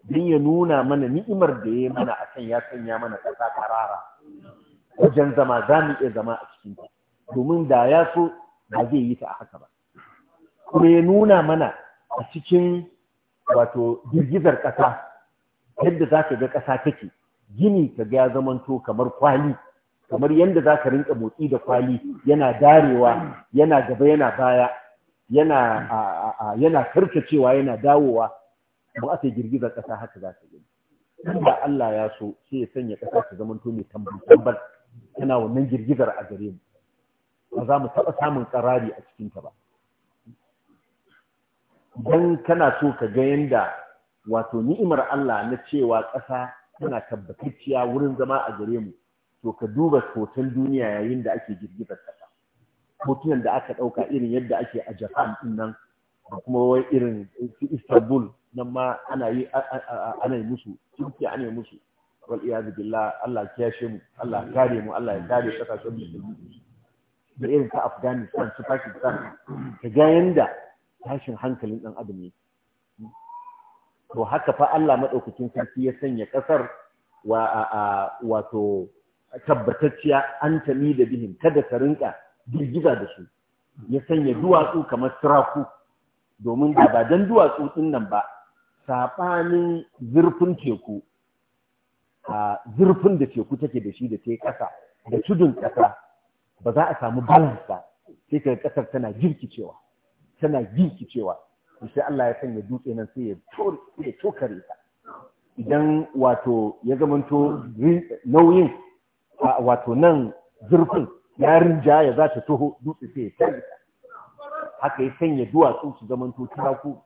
don ya nuna mana ni'imar da ya mana a akan ya sanya mana ƙasa karara wajen zama za mu iya zama a cikin ta domin da ya so ba zai yi ta a haka ba kuma ya nuna mana a cikin wato girgizar ƙasa yadda za ka ga ƙasa take gini ka ga ya zamanto kamar kwali kamar yadda za ka rinka motsi da kwali yana darewa yana gaba yana baya yana yana karkacewa yana dawowa ba aka girgizar ƙasa haka za ta gani da Allah ya so sai ya sanya ƙasa ta zamanto mai tambar tana wannan girgizar a gare mu ba za mu taɓa samun ƙarari a cikin ta ba don kana so ka ga yanda wato ni'imar Allah na cewa ƙasa tana tabbatacciya wurin zama a gare mu to ka duba hoton duniya yayin da ake girgizar kasa hotunan da aka ɗauka irin yadda ake a japan din nan da kuma wai irin istanbul nan ma ana yi ana yi musu turkiya ana yi musu wal iyadu billah Allah ya kiyashe mu Allah ya kare mu Allah ya kare kasashen musulmi da irin ta Afghanistan su Pakistan ka ga yanda tashin hankalin dan adam ne to haka fa Allah madaukakin sarki ya sanya ƙasar? wa wato tabbatacciya an tami da bihin kada ka rinka girgiza da su ya sanya duwatsu kamar siraku domin da ba dan duwatsu din nan ba sabanin zurfin teku a zurfin da teku take da shi da ta kasa da tudun ƙasa. ba za a samu balance ba sai ka kasar tana girkicewa tana girkicewa sai Allah ya sanya dutse nan sai ya cokare ta idan wato ya zamanto nauyin wato nan zurfin ya rinjaya za ta toho dutse sai ya tare ta haka ya sanya duwatsu su zamanto taku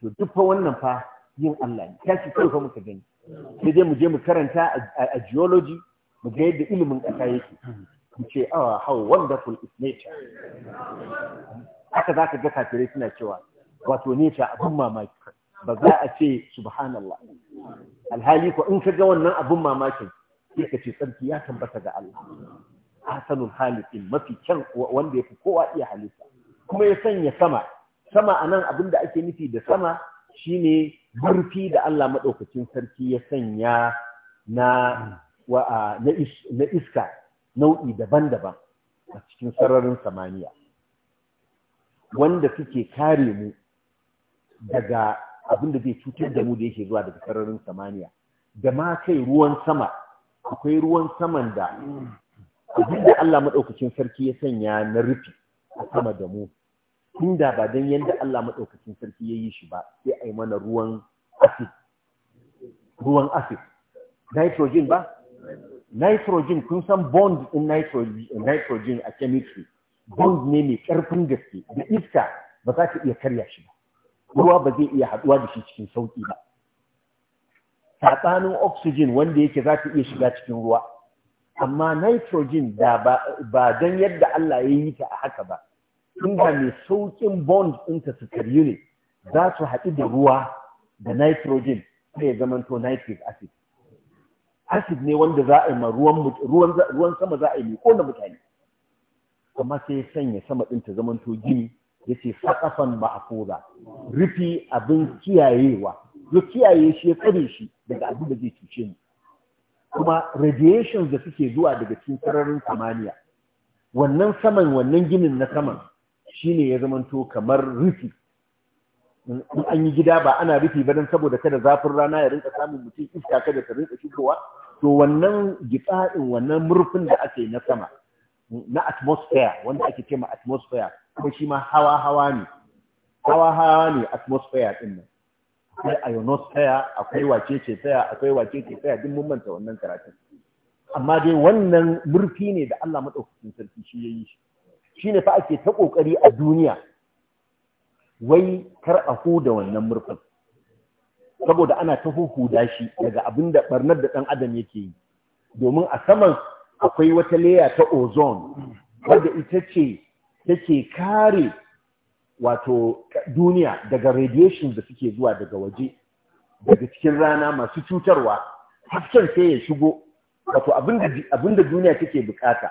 to duk fa wannan fa yin Allah ne kashi kai fa muka gani sai dai mu je mu karanta a geology mu ga yadda ilimin ƙasa yake mu ce awa ah, how wonderful is nature haka za ka ga kafirai suna cewa wato ta abin mamaki ba za a ce subhanallah alhali ko in ka ga wannan abin mamakin sai ka ce tsarki ya tambata ga Allah hasanul halikin mafi kyan wanda ya fi kowa iya halitta kuma ya sanya sama sama a nan abin da ake nufi da sama shine burfi da Allah maɗaukacin sarki ya sanya na na iska nau'i daban-daban a cikin sararin samaniya wanda suke kare mu daga abin da zai cutar da mu da yake zuwa daga sararin samaniya da ma kai ruwan sama akwai ruwan saman da abin da Allah maɗaukacin sarki ya sanya na rufi a sama da mu inda ba don yadda Allah maɗaukacin sarki ya yi shi ba sai a mana ruwan asid. ruwan asid nitrogen ba nitrogen kun san bond in nitrogen a chemistry bond ne mai ƙarfin gaske da iska ba za ta iya karya shi ba ruwa ba zai iya haɗuwa da shi cikin sauƙi ba saɓanin oxygen wanda yake za ta iya shiga cikin ruwa amma nitrogen da ba don yadda Allah ya yi ta a haka ba inda mai sauƙin bond ɗinta su karyu ne za su haɗu da ruwa da nitrogen sai ya zamanto nitric acid acid ne wanda za a yi ma ruwan sama za a yi ko na mutane kuma sai sanya sama ɗin ta zamanto gini ya ce saƙafan ma'afuza rufi abin kiyayewa ya kiyaye shi ya tsare shi daga abin da zai cuce mu kuma radiations da suke zuwa daga cikin sararin samaniya wannan saman wannan ginin na saman shine ya zamanto kamar rufi in an yi gida ba ana rufi ba don saboda kada zafin rana ya rinka samun mutum iska kada ta rinka shigowa to wannan gitsaɗin wannan murfin da ake na sama na atmosphere wanda ake ce ma atmosphere ko shi ma hawa hawa ne hawa hawa ne atmosphere din nan akwai ionosphere akwai wacece tsaya akwai wacece tsaya duk mun manta wannan karatun amma dai wannan murfi ne da Allah madaukakin sarki shi yayi shi shine fa ake ta kokari a duniya wai kar a huda wannan murfin saboda ana ta huhuda shi daga abinda barnar da dan adam yake yi domin a saman akwai wata leya ta ozone wadda ita ce take kare wato duniya daga radiation da suke zuwa daga waje daga cikin rana masu cutarwa hasken sai ya shigo wato abinda duniya take bukata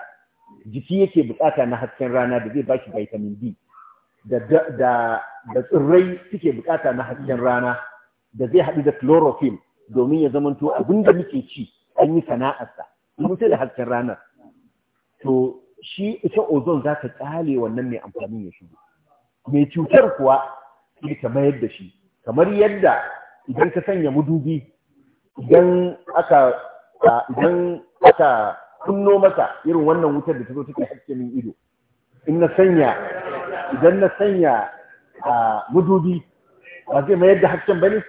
jiki yake bukata na hasken rana da zai baki vitamin D da tsirrai suke bukata na hasken rana da zai haɗu da chlorophyll domin ya zamanto abinda muke ci an yi sana'arsa domin sai da hasken ranar to shi ita ozon za ta tsale wannan mai amfani ya shigo mai cutar kuwa sai ta mayar da shi kamar yadda idan ka sanya mudubi idan aka idan aka kunno masa irin wannan wutar da ta zo take haske min ido in na sanya idan na sanya mudubi ba zai mayar da hasken bane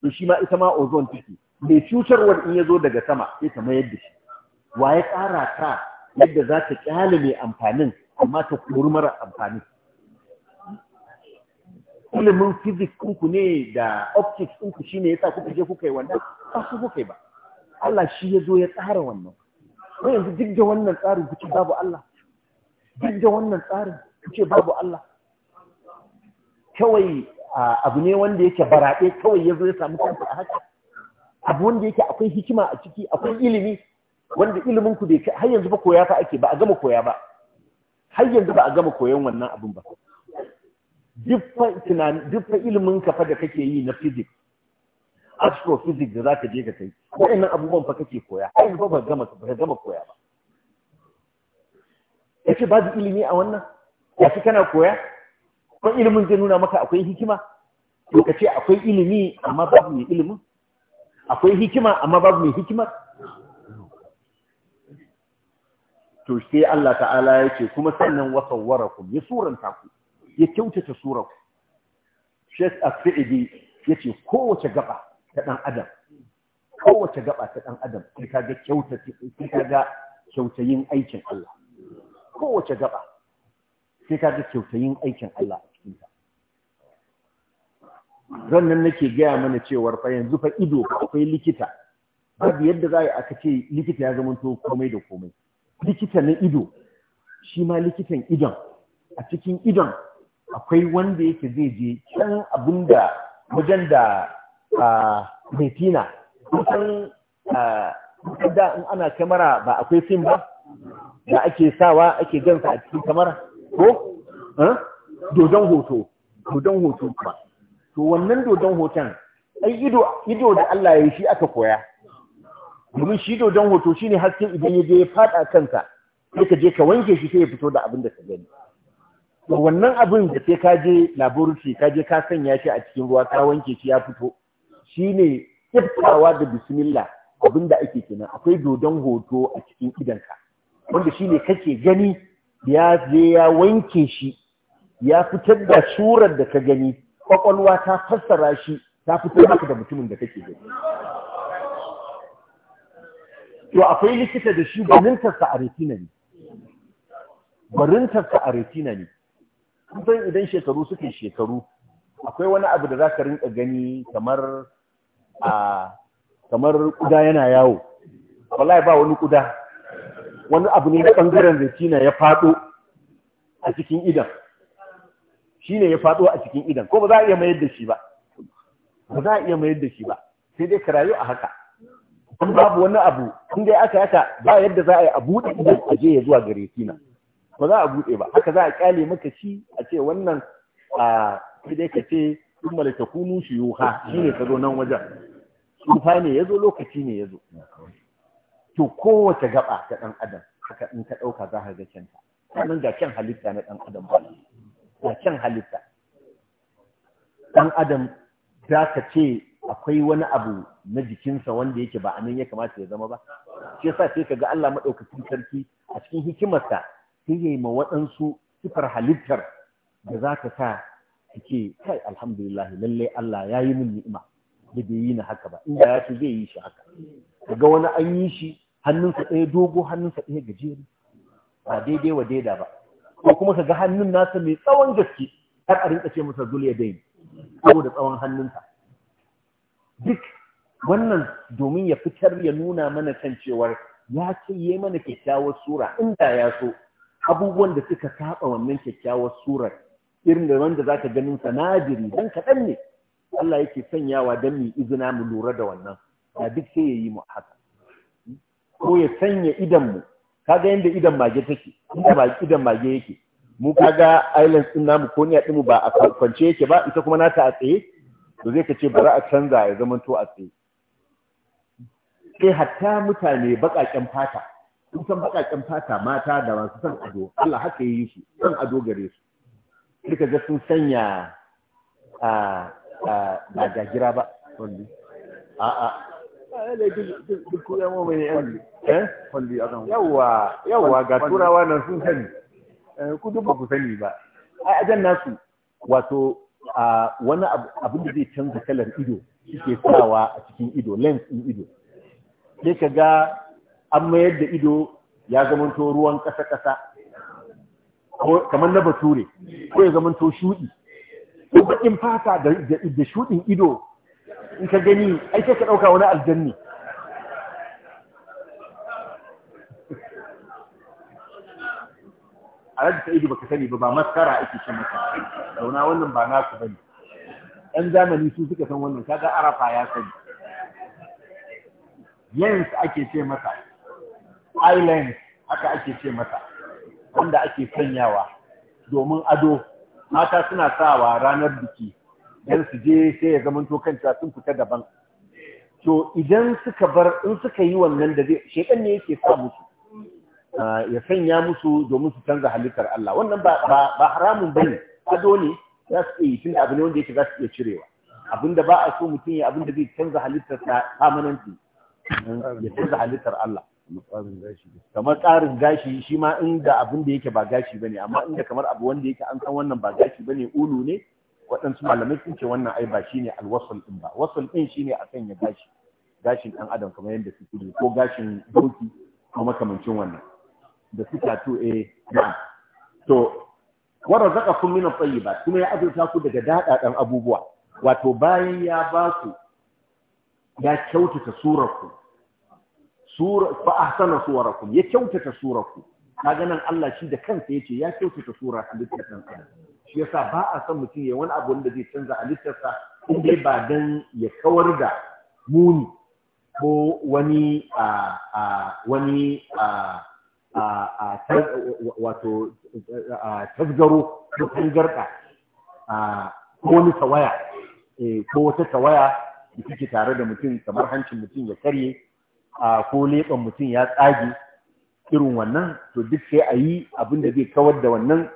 to shi ma ita ma ozon take mai cutarwar in ya zo daga sama sai ta mayar da shi wa ya tsara ta yadda za ta kyale mai amfanin amma ta kori mara amfani ilimin physics ɗinku ne da optics ɗinku shi ne ya sa kuka je kuka yi wannan ba su kuka yi ba Allah shi ya zo ya tsara wannan ko yanzu duk da wannan tsarin kuce babu Allah duk da wannan tsarin kuce babu Allah kawai abu ne wanda yake baraɗe kawai ya zo ya samu kansa a haka abu wanda yake akwai hikima a ciki akwai ilimi wanda ilimin ku bai har yanzu ba koya fa ake ba a gama koya ba har yanzu ba a gama koyon wannan abun ba dukkan tunanin dukkan ilimin ka fa da kake yi na physics astrophysics da zaka je ka kai wannan abubuwan fa kake koya har yanzu ba gama ba gama koya ba yace babu ilimi a wannan ya fi kana koya kuma ilimin zai nuna maka akwai hikima to ka ce akwai ilimi amma babu mai ilimin akwai hikima amma babu mai hikimar to sai Allah ta'ala ya ce kuma sannan wasawwarakum ya suranta ku ya kyautata surar ku Sheikh ya ce yace kowace gaba ta dan adam kowace gaba ta dan adam sai ga kyautata ka ga kyautayin aikin Allah kowace gaba sai ga kyautayin aikin Allah a cikin ta nake gaya mana cewar fa yanzu fa ido akwai likita babu yadda za a ce likita ya zama to komai da komai likita na ido shi ma likitan idon a cikin idon akwai wanda yake zai je can abin da wajen da retina kusan da in ana kamara ba akwai fim ba da ake sawa ake gansa a cikin kamara ko dodon hoto dodon hoto kuma to wannan dodon hoton ai ido da Allah ya yi shi aka koya domin shi dodon hoto shine haske idan ya je ya fada kansa, sai ka je ka wanke shi sai ya fito da abin da ka gani to wannan abin da sai ka je laboratory ka je ka sanya shi a cikin ruwa ka wanke shi ya fito shine tsiftawa da bismillah abin da ake kenan akwai dodon hoto a cikin idanka wanda shine kake gani ya je ya wanke shi ya fitar da surar da ka gani kwakwalwa ta fassara shi ta fitar maka da mutumin da kake gani to akwai likita da shi barintarsa a retina ne barintarsa a retina ne kusan idan shekaru suke shekaru akwai wani abu da za ka rinka gani kamar a kamar kuda yana yawo wallahi ba wani kuda wani abu ne na bangaren retina ya fado a cikin idan shi ne ya fado a cikin idan ko ba za a iya mayar da shi ba ba za a iya mayar da shi ba sai dai ka rayu a haka in babu wani abu in dai aka yaka ba yadda za a yi abu da idan a je ya zuwa gare na. ba za a buɗe ba haka za a kyale maka shi a ce wannan a dai ka ce in malaka kunu shi ha shi ne ka zo nan wajen tsufa ne ya zo lokaci ne ya zo to kowace gaba ta ɗan adam haka in ka ɗauka za ka ga kyanta sannan ga can halitta na ɗan adam ba ga can halitta ɗan adam za ka ce akwai wani abu na jikinsa wanda yake ba anan ya kamata ya zama ba shi yasa sai kaga Allah madaukakin sarki a cikin hikimarsa sai yayi ma waɗansu sifar halittar da za ka sa kake kai alhamdulillah lalle Allah ya yi min ni'ima da bai yi ni haka ba inda ya ce zai yi shi haka kaga wani an yi shi hannunsa ɗaya dogo hannunsa ɗaya gajeru. ba daidai wa daida ba ko kuma kaga hannun nasa mai tsawon gaske har a rinka ce masa zul ya saboda tsawon hannunsa duk wannan domin ya fitar ya nuna mana kan cewar ya ce yi mana kyakkyawar sura inda ya so abubuwan da suka saba wannan kyakkyawar surar irin da wanda zaka ganin sanadiri dan kaɗan ne Allah yake sanyawa dan mu izina mu lura da wannan ya duk sai ya yi mu haka ko ya sanya idan mu kaga yanda idan mage take ba idan mage yake mu kaga islands din namu ko ne ba a kwance yake ba ita kuma nata a tsaye to zai ka ce bari a canza ya zama to a tsaye sai hatta mutane baƙaƙen fata sun san baƙaƙen fata mata da masu san ado Allah haka yi su san ado gare su ka ga sun sanya a ba gajira ba wanda a a duk ya eh ga turawa nan sun sani eh, ku duk ba ku sani ba a ajan nasu wato wani abin da zai canza kalar ido suke sawa a cikin ido lens in ido sai ka ga an mayar da ido ya zamanto ruwan ƙasa-ƙasa kamar na bature ko ya zamanto shuɗi ko baƙin fata da shuɗin ido in ka gani ai sai ka ɗauka wani aljanni ta sa'idu baka sani ba ba maskara ake ce maka dauna wannan ba nasu bane ɗan zamani su suka san wannan kaga arafa ya sani yens ake ce masa islands haka ake ce masa wanda ake sanyawa domin ado mata suna sawa ranar biki dan su je sai ya zamanto kanta sun fita daban to idan suka bar in suka yi wannan da zai shekan ne yake sa musu ya sanya musu domin su canza halittar Allah wannan ba haramun ba ne ado ne za su iya tun abu ne wanda yake za su iya cirewa abinda ba a so mutum ya abinda zai canza halittar ta kamananci ya canza halittar Allah kamar tsarin gashi shi ma inda abinda yake ba gashi bane amma inda kamar abu wanda yake an san wannan ba gashi bane ulu ne waɗansu malamai sun ce wannan ai ba shine alwasul din ba wasul din shine a sanya gashi gashin ɗan adam kamar yadda suke ko gashin doki ko makamancin wannan da suka to eh na to wa razaqakum min at-tayyibat kuma ya azurta ku daga dadadan abubuwa wato bayan ya ba ku ya kyautata surarku sura fa ahsana suwarakum ya kyautata surarku kaga nan Allah shi da kansa ya ce ya kyautata sura halittar dan sa. shi yasa ba a san mutum ya wani abu wanda zai canza halittarsa in dai ba dan ya kawar da muni ko wani a wani a a wato tasgaro ko tangarɗa ko wani tawaya eh, ko wata tawaya da suke tare da mutum kamar hancin mutum ya karye ko leɓen mutum ya tsage irin wannan to duk sai a yi abin da zai kawar da wannan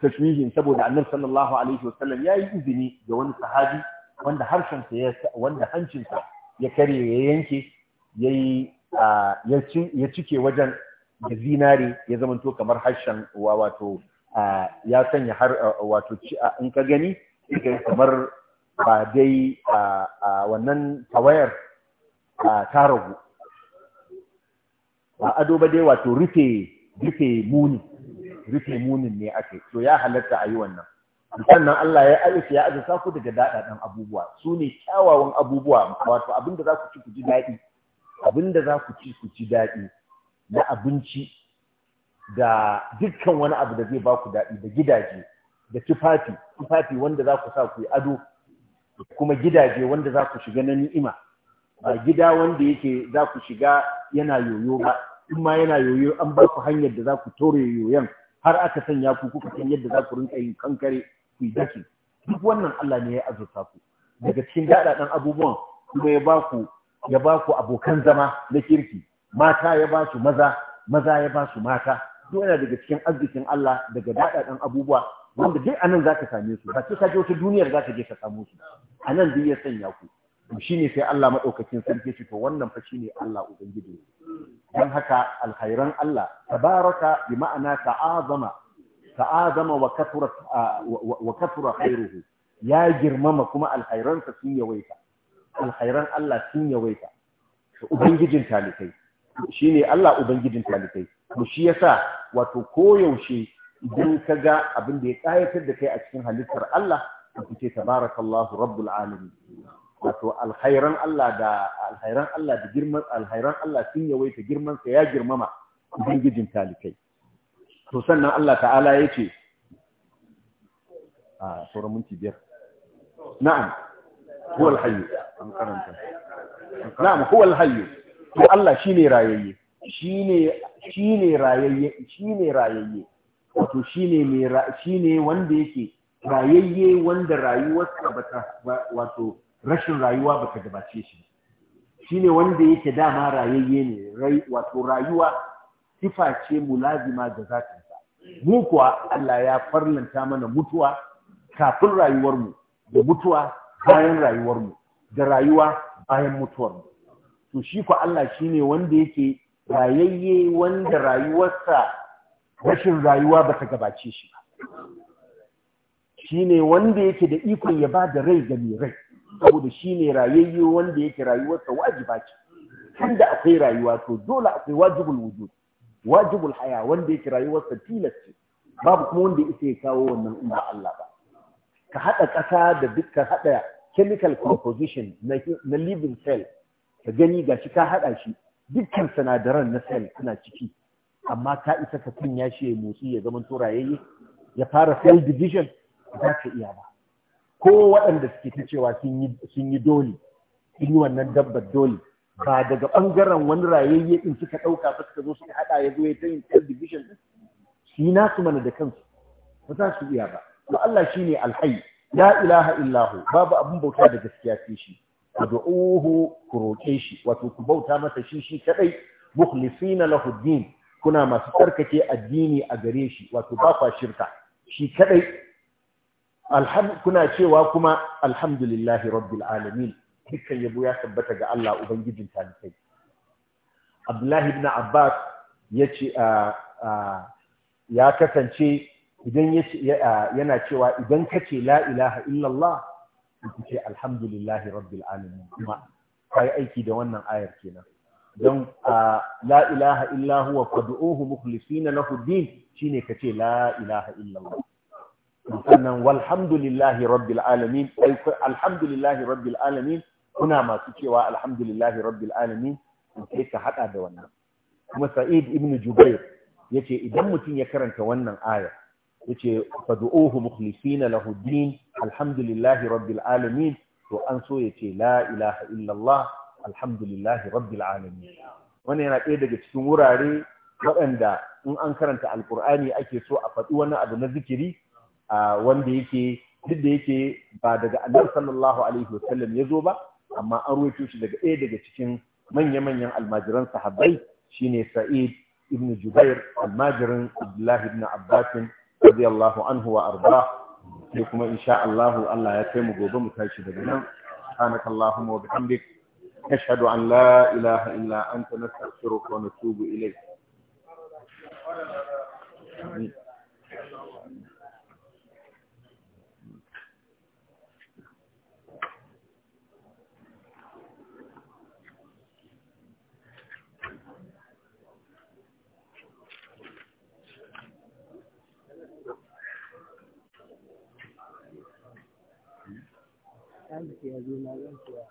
tashwihin saboda annabi sallallahu alaihi wasallam ya yi izini ga wani sahabi wanda harshen ya wanda hancinsa ya karye ya yanke yi ya cike wajen da zinari ya zamanto kamar harshen wato ya sanya har wato in ka gani kamar ba dai wannan tawayar ta ragu ba ado ba dai wato rufe rufe muni rufe munin ne ake to ya halatta a yi wannan sannan Allah ya aiki ya azurta ku daga daɗaɗen abubuwa su ne kyawawan abubuwa wato abinda za ku ci ku ji daɗi abinda za ku ci ku ji daɗi na abinci da dukkan wani abu da zai ba ku daɗi da gidaje da tufafi tufafi wanda za ku sa ku yi ado kuma gidaje wanda za ku shiga na ni'ima ba gida wanda yake za ku shiga yana yoyo ba in ma yana yoyo an ba ku hanyar da za ku tore yoyon har aka sanya ku kuka san yadda za ku rinka yin kankare ku yi daki duk wannan Allah ne ya azurta ku daga cikin daɗaɗɗen abubuwan kuma ya ba ya ba ku abokan zama na kirki mata ya ba su maza maza ya ba su mata duk yana daga cikin arzikin Allah daga daɗaɗan abubuwa wanda dai anan zaka same su ba sai ka je wata duniyar zaka je ka samu su anan dai ya sanya ku shi ne sai Allah maɗaukakin sarki shi to wannan fa shi ne Allah Ubangiji don haka alkhairan Allah tabaraka bi ma'ana ta'azama ta'azama wa kathura khairuhu ya girmama kuma alkhairansa sun yawaita alkhairan Allah sun yawaita ubangijin talikai shine Allah ubangijin talikai to shi yasa wato koyaushe idan ka ga abin da ya kayatar da kai a cikin halittar Allah ka fice barakallahu rabbul alamin wato alkhairan Allah da alkhairan Allah da girman alkhairan Allah sun yawaita girman sa ya girmama ubangijin talikai to sannan Allah ta'ala yace a sauran minti biyar na'am huwal alhayy na'am huwa alhayy to Allah ne rayayye shi ne rayayye ne rayayye wato ne mai ne wanda yake rayayye wanda rayuwarsa bata wato rashin rayuwa bata gabace shi ne wanda yake dama rayayye ne wato rayuwa sifa ce mulazima da sa mu kuwa Allah ya farlanta mana mutuwa kafin rayuwarmu da mutuwa bayan rayuwarmu da rayuwa bayan mutuwarmu to shi ku Allah ne wanda yake rayayye wanda rayuwarsa rashin rayuwa ba ta gabace shi ba ne wanda yake da ikon ya ba da rai ga mai rai saboda shi shine rayayye wanda yake rayuwarsa wajiba ce tunda akwai rayuwa to dole akwai wajibul wujud wajibul haya wanda yake rayuwarsa tilas ce babu kuma wanda yake ya kawo wannan in Allah ba ka hada ƙasa da dukkan hada chemical composition na living cell ka gani gashi ka haɗa shi dukkan sinadaran na sel suna ciki amma ka isa ka kunya shi ya motsi ya zama turayayye ya fara cell division za ka iya ba ko waɗanda suke ta cewa sun yi dole sun yi wannan dabbar dole ba daga ɓangaren wani rayayye ɗin suka ɗauka ba suka zo suka haɗa ya zo ya ta yin cell division na su mana da kansu ba za su iya ba to Allah shine alhai la ilaha illahu babu abin bauta da gaskiya sai shi du'uhu ku roƙe shi wato ku bauta masa shi shi kadai mukhlisina lahu din kuna masu tsarkake addini a gare shi wato ba kwa shirka shi kadai kuna cewa kuma alhamdulillahi rabbil alamin dukkan yabo ya tabbata ga Allah ubangijin talibai Abdullahi ibn Abbas yace ya kasance idan yana cewa idan kace la ilaha illallah ku ce alhamdulillahi rabbil alamin kuma kai aiki da wannan ayar kenan don la ilaha illa huwa fad'uhu mukhlisina lahu din shine kace la ilaha illa Allah sannan walhamdulillahi rabbil alamin alhamdulillahi rabbil alamin kuna masu cewa alhamdulillahi rabbil alamin sai ka hada da wannan kuma sa'id ibnu jubair yace idan mutum ya karanta wannan ayar. yace fad'uhu mukhlisina lahu din alhamdulillahi rabbil alamin to an so yace la ilaha illallah alhamdulillahi rabbil alamin wannan yana ɗaya daga cikin wurare waɗanda in an karanta alkur'ani ake so a faɗi wani abu na zikiri wanda yake duk da yake ba daga annabi sallallahu alaihi wasallam ya zo ba amma an ruwaito shi daga ɗaya daga cikin manya-manyan almajiran sahabbai shine sa'id ibn jubair almajirin abdullahi ibn abbasin radiyallahu anhu wa arda sai kuma insha Allah Allah ya kai mu gobe mu tashi daga nan subhanaka allahumma wa bihamdik nashhadu an la ilaha illa anta nastaghfiruka wa natubu ilayk arziki ya zo na zan siya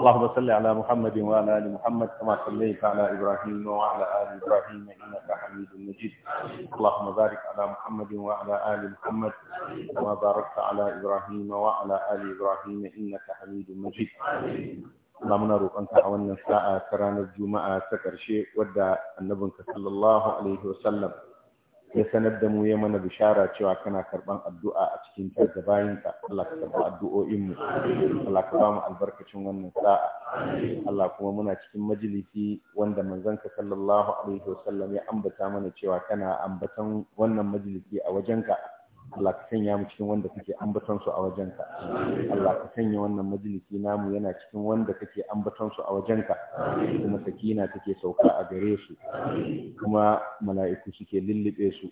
اللهم صل على محمد وعلى ال محمد كما صليت على ابراهيم وعلى ال ابراهيم انك حميد مجيد اللهم بارك على محمد وعلى ال محمد كما باركت على ابراهيم وعلى ال ابراهيم انك حميد مجيد Allah muna roƙonka a wannan sa'a ta ranar Juma'a ta ƙarshe wadda annabinka sallallahu alaihi wasallam ya sanar da mu ya mana bishara cewa kana karban addu'a a cikin ta da ka. Allah ka karba addu'o'in mu Allah ka ba mu albarkacin wannan sa'a Allah kuma muna cikin majalisi wanda ka sallallahu alaihi wasallam ya ambata mana cewa kana ambatan wannan majalisi a wajenka Allah ka sanya mu cikin wanda kake ambaton su a wajenka Allah ka sanya wannan majalisi namu yana cikin wanda kake ambaton su a ka. kuma sakina take sauka a gare su kuma mala'iku suke lullube su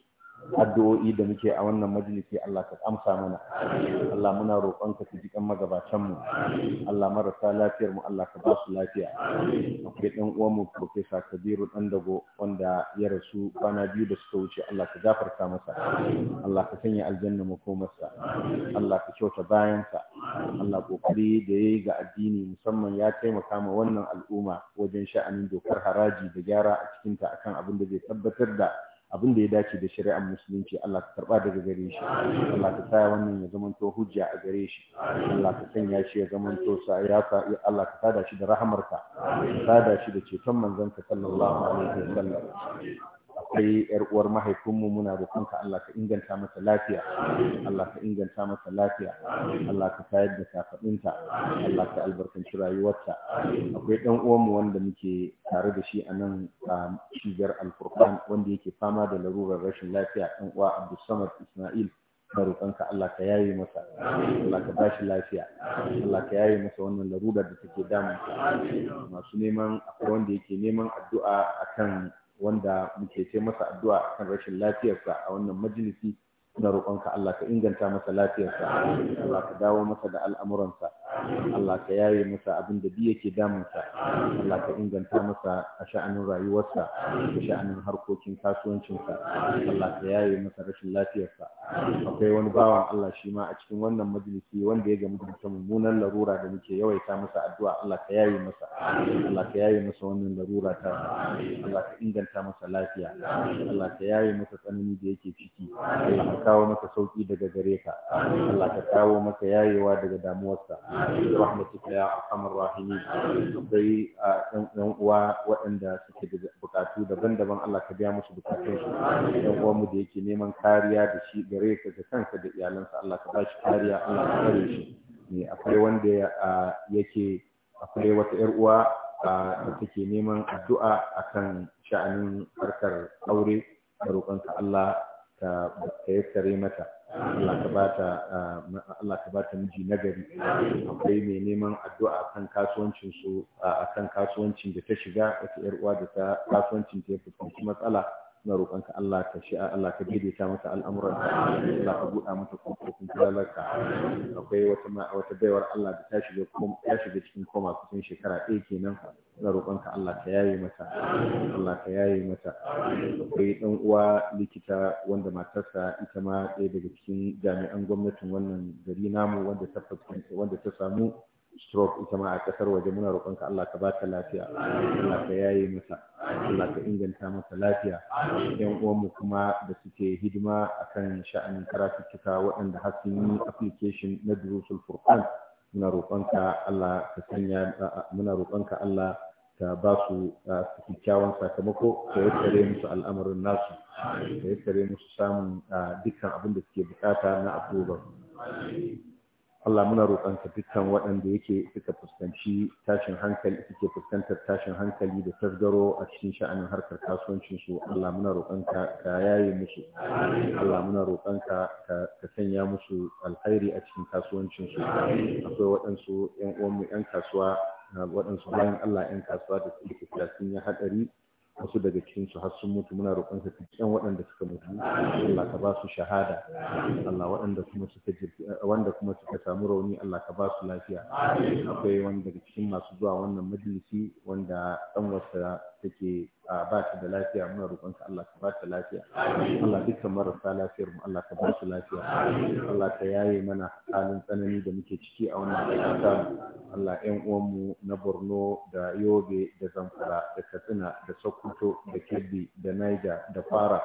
addu'o'i da muke a wannan majalisi Allah ka amsa mana Allah muna roƙon ka ji kan magabatan mu Allah marasa lafiyar mu Allah ka ba su lafiya akwai dan uwan mu Professor Kabiru Dandago wanda ya rasu kwana biyu da suka wuce Allah ka gafarta masa Allah ka sanya aljanna mu ko masa. Allah ka kyauta bayansa Allah kokari da yayi ga addini musamman ya taimaka ma wannan al'umma wajen sha'anin dokar haraji da gyara a cikinta akan abin da zai tabbatar da abin da ya dace da shari'ar musulunci Allah ka karba daga gare shi Allah ka sa wannan ya zamanto hujja a gare shi Allah ka sanya shi ya zamanto sa ya Allah ka sada shi da rahamarka ka sada shi da ceton manzon ka sallallahu alaihi wasallam akwai yar uwar mahaifinmu muna ka Allah ka inganta masa lafiya Allah ka inganta masa lafiya Allah ka tayar da kafadinta Allah ka albarkanci rayuwarta akwai dan uwanmu wanda muke tare da shi a nan a shigar alfurqan wanda yake fama da larurar rashin lafiya dan uwa Abdul Samad Ismail ka Allah ka yaye masa Allah ka bashi lafiya Allah ka yaye masa wannan larurar da take damun masu neman akwai wanda yake neman addu'a akan wanda muke ce masa addu'a kan rashin lafiyarsa a wannan majalisi na roƙonka Allah ka inganta masa lafiyarsa Allah ka dawo masa da al'amuransa Allah ka yaye masa abin da bi yake damunsa Allah ka inganta masa a sha'anin rayuwarsa a sha'anin harkokin kasuwancinsa Allah ka yaye masa rashin lafiyarsa akwai wani bawan Allah shi ma a cikin wannan majalisi wanda ya gamu da wata mummunan larura da muke yawaita masa addu'a Allah ka yaye masa Allah ka yaye masa wannan larura ta Allah ka inganta masa lafiya Allah ka yaye masa tsanani da yake ciki Allah ka kawo masa sauki daga gare ka Allah ka kawo masa yayewa daga damuwarsa rahmatika ya arhamar a dai ɗan uwa waɗanda suke da bukatu daban-daban Allah ka biya musu bukatun su ɗan mu da yake neman kariya da shi gare ka da kansa da iyalansa Allah ka ba shi kariya Allah ka kare shi ne eh, akwai wanda yake akwai wata 'yar uwa da take neman addu'a akan sha'anin harkar aure da roƙonka Allah ka yassare mata Allah ka bata ah, Allah ka bata miji nagari akwai mai neman addu'a kan kasuwancin su akan kasuwancin da ta shiga wata yar uwa da ta kasuwancin ta fuskanci matsala na roƙonka Allah ka shi'a Allah ka daidaita mata al'amuran Allah ka buɗa mata kofofin jalarka akwai wata wata baiwar Allah da ta shiga cikin koma kusan shekara ɗaya kenan na roƙonka Allah ka yaye mata Allah ka yaye mata akwai ɗan uwa likita wanda matarsa ita ma ɗaya daga cikin jami'an gwamnatin wannan gari namu wanda wanda ta samu stroke ita ma a kasar waje muna roƙonka Allah ka ba ta lafiya Allah ka yaye mata Allah ka inganta mata lafiya yan uwanmu kuma da suke hidima a kan sha'anin karatuttuka waɗanda har sun yi application na durusul furqan muna roƙonka Allah ka sanya muna roƙonka Allah ka ba su kyakkyawan sakamako ka yaskare musu al'amarin nasu ka yaskare musu samun dukkan abin da suke bukata na approval Allah muna roƙonka dukkan waɗanda yake suka fuskanci tashin hankali suke fuskantar tashin hankali da tasgaro a cikin sha'anin harkar kasuwancin su Allah muna roƙonka ka yaye musu Allah muna roƙonka ka sanya musu alkhairi a cikin kasuwancin su akwai waɗansu ƴan uwanmu ƴan kasuwa waɗansu bayan Allah ƴan kasuwa da suke fuskantar haɗari wasu daga cikin su har sun mutu muna roƙon ka cikin waɗanda suka mutu Allah ka ba su shahada Allah waɗanda kuma suka wanda kuma suka samu rauni Allah ka ba su lafiya akwai wani daga cikin masu zuwa wannan majalisi wanda ɗan wasa take ba su da lafiya muna roƙon ka Allah ka ba ta lafiya Allah dukkan marasa lafiyar mu Allah ka ba su lafiya Allah ka yaye mana halin tsanani da muke ciki a wannan ƙasa Allah ƴan uwan mu na Borno da Yobe da Zamfara da Katsina da Sokoto sokoto da kebbi da niger da fara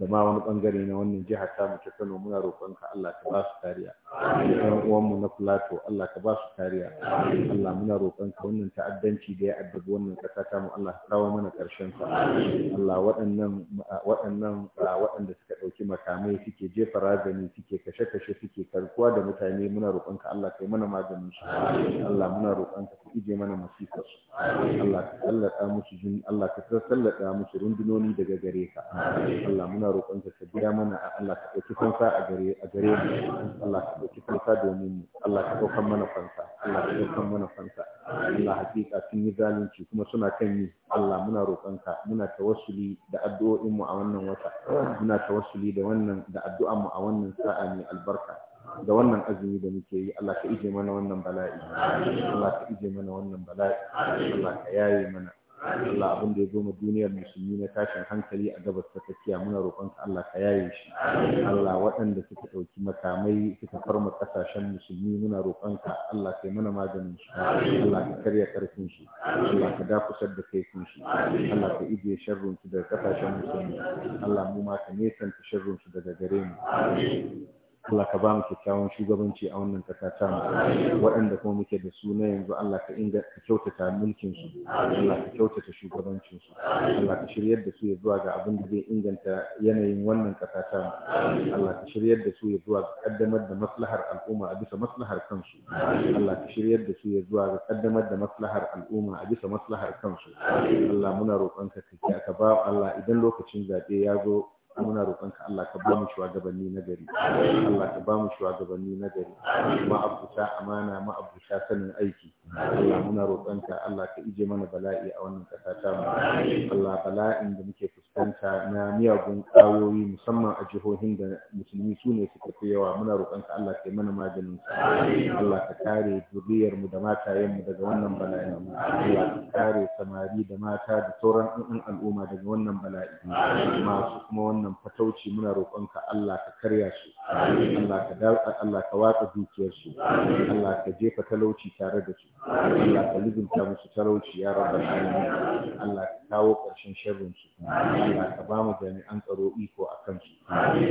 da ma wani bangare na wannan jihar ta ta Kano muna roƙonka Allah ka ba su kariya ɗan uwanmu na Plateau Allah ka ba su kariya Allah muna roƙonka wannan ta'addanci da ya addabi wannan ƙasa ta mu Allah ka kawo mana ƙarshen sa Allah waɗannan waɗannan waɗanda suka ɗauki makamai suke jefa ragani suke kashe-kashe suke karkuwa da mutane muna roƙonka Allah kai mana maganin su Allah muna roƙonka ka ije mana musifar su Allah ka sallata musu Allah ka sallata musu rundunoni daga gare ka Allah muna muna ka biya mana a Allah ka ɗauki fansa a gare a gare mu Allah ka ɗauki fansa domin mu Allah ka ɗaukan mana fansa Allah ka ɗaukan mana fansa Allah hakika sun yi zalunci kuma suna kan yi Allah muna roƙon ka muna tawassuli da addu'o'in mu a wannan wata muna tawassuli da wannan da addu'an mu a wannan sa'a mai albarka da wannan azumi da muke yi Allah ka ije mana wannan bala'i Allah ka ije mana wannan bala'i Allah ka yaye mana Allah abin da ya zo ma duniyar musulmi na tashin hankali a gabas ta tsakiya muna roƙon ka Allah ka yaye shi Allah waɗanda suka ɗauki makamai suka farma ƙasashen musulmi muna roƙon ka Allah kai mana maganin shi Allah ka karya ƙarfin shi Allah ka dakusar da kaifin shi Allah ka ijiye sharrun su daga ƙasashen musulmi Allah mu ma ka nesanta sharrun su daga gare mu Allah ka ba mu kyakkyawan shugabanci a wannan ƙasa ta mu waɗanda kuma muke da su na yanzu Allah ka inga ka kyautata mulkin su Allah ka kyautata shugabancin su Allah ka shiryar da su ya zuwa ga abin da zai inganta yanayin wannan ƙasa ta mu Allah ka shiryar da su ya zuwa ga kaddamar da maslahar al'umma a bisa maslahar kansu Allah ka shiryar da su ya zuwa ga kaddamar da maslahar al'umma a bisa maslahar kansu Allah muna roƙonka ka ka ba Allah idan lokacin zaɓe ya zo muna roƙonka Allah ka ba mu shugabanni na gari Allah ka ba mu shugabanni na gari ma'abuta amana ma'abuta sanin aiki Allah muna roƙonka Allah ka ije mana bala'i a wannan ƙasa ta mu Allah bala'in da muke fuskanta na miyagun ƙayoyi musamman a jihohin da musulmi su ne suka fi yawa muna roƙonka Allah ka yi mana maganin Allah ka kare zuriyar mu da matayen mu daga wannan bala'i Allah ka kare samari da mata da sauran al'umma daga wannan bala'i masu kuma wannan wannan fatauci muna roƙonka Allah ka karya su Allah ka Allah ka watsa dukiyar su Allah ka jefa talauci tare da su Allah ka lubunta musu talauci ya rabbal alamin Allah ka kawo ƙarshen sharrin su Allah ka ba mu jami'an tsaro iko akan su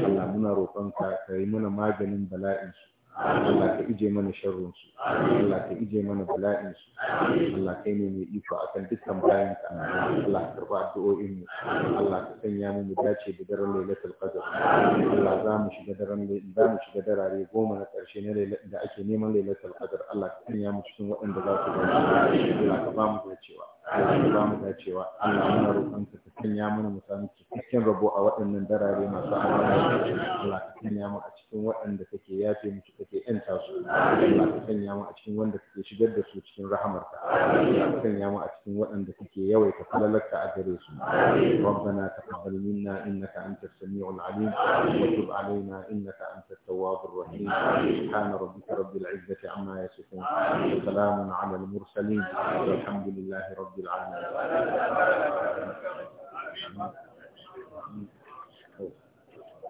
Allah muna roƙonka ka yi mana maganin bala'in su Allah ka ije mana sharrin su Allah ka ije mana bala'in su Allah kai ne mai iko akan dukkan bayan ka Allah ka karba addu'o'in mu Allah ka sanya mu mu dace da daren lailatul qadr Allah za mu shiga daren za mu shiga darare goma na karshe na da ake neman lailatul qadr Allah ka sanya mu cikin waɗanda za su ba Allah ka ba mu dacewa Allah ya ba mu dacewa Allah muna roƙonka ka sanya mana mu samu cikakken rabo a waɗannan darare masu amfani Allah ka sanya mu a cikin waɗanda kake yafe musu kake yanta su Allah ka sanya mu a cikin wanda kake shigar da su cikin rahamarka Allah ka sanya mu a cikin waɗanda kake yawaita falalarka a gare su ربنا تقبل منا انك انت السميع العليم وتب علينا انك انت التواب الرحيم سبحان ربك رب العزه عما يصفون وسلام على المرسلين والحمد لله رب رب العالمين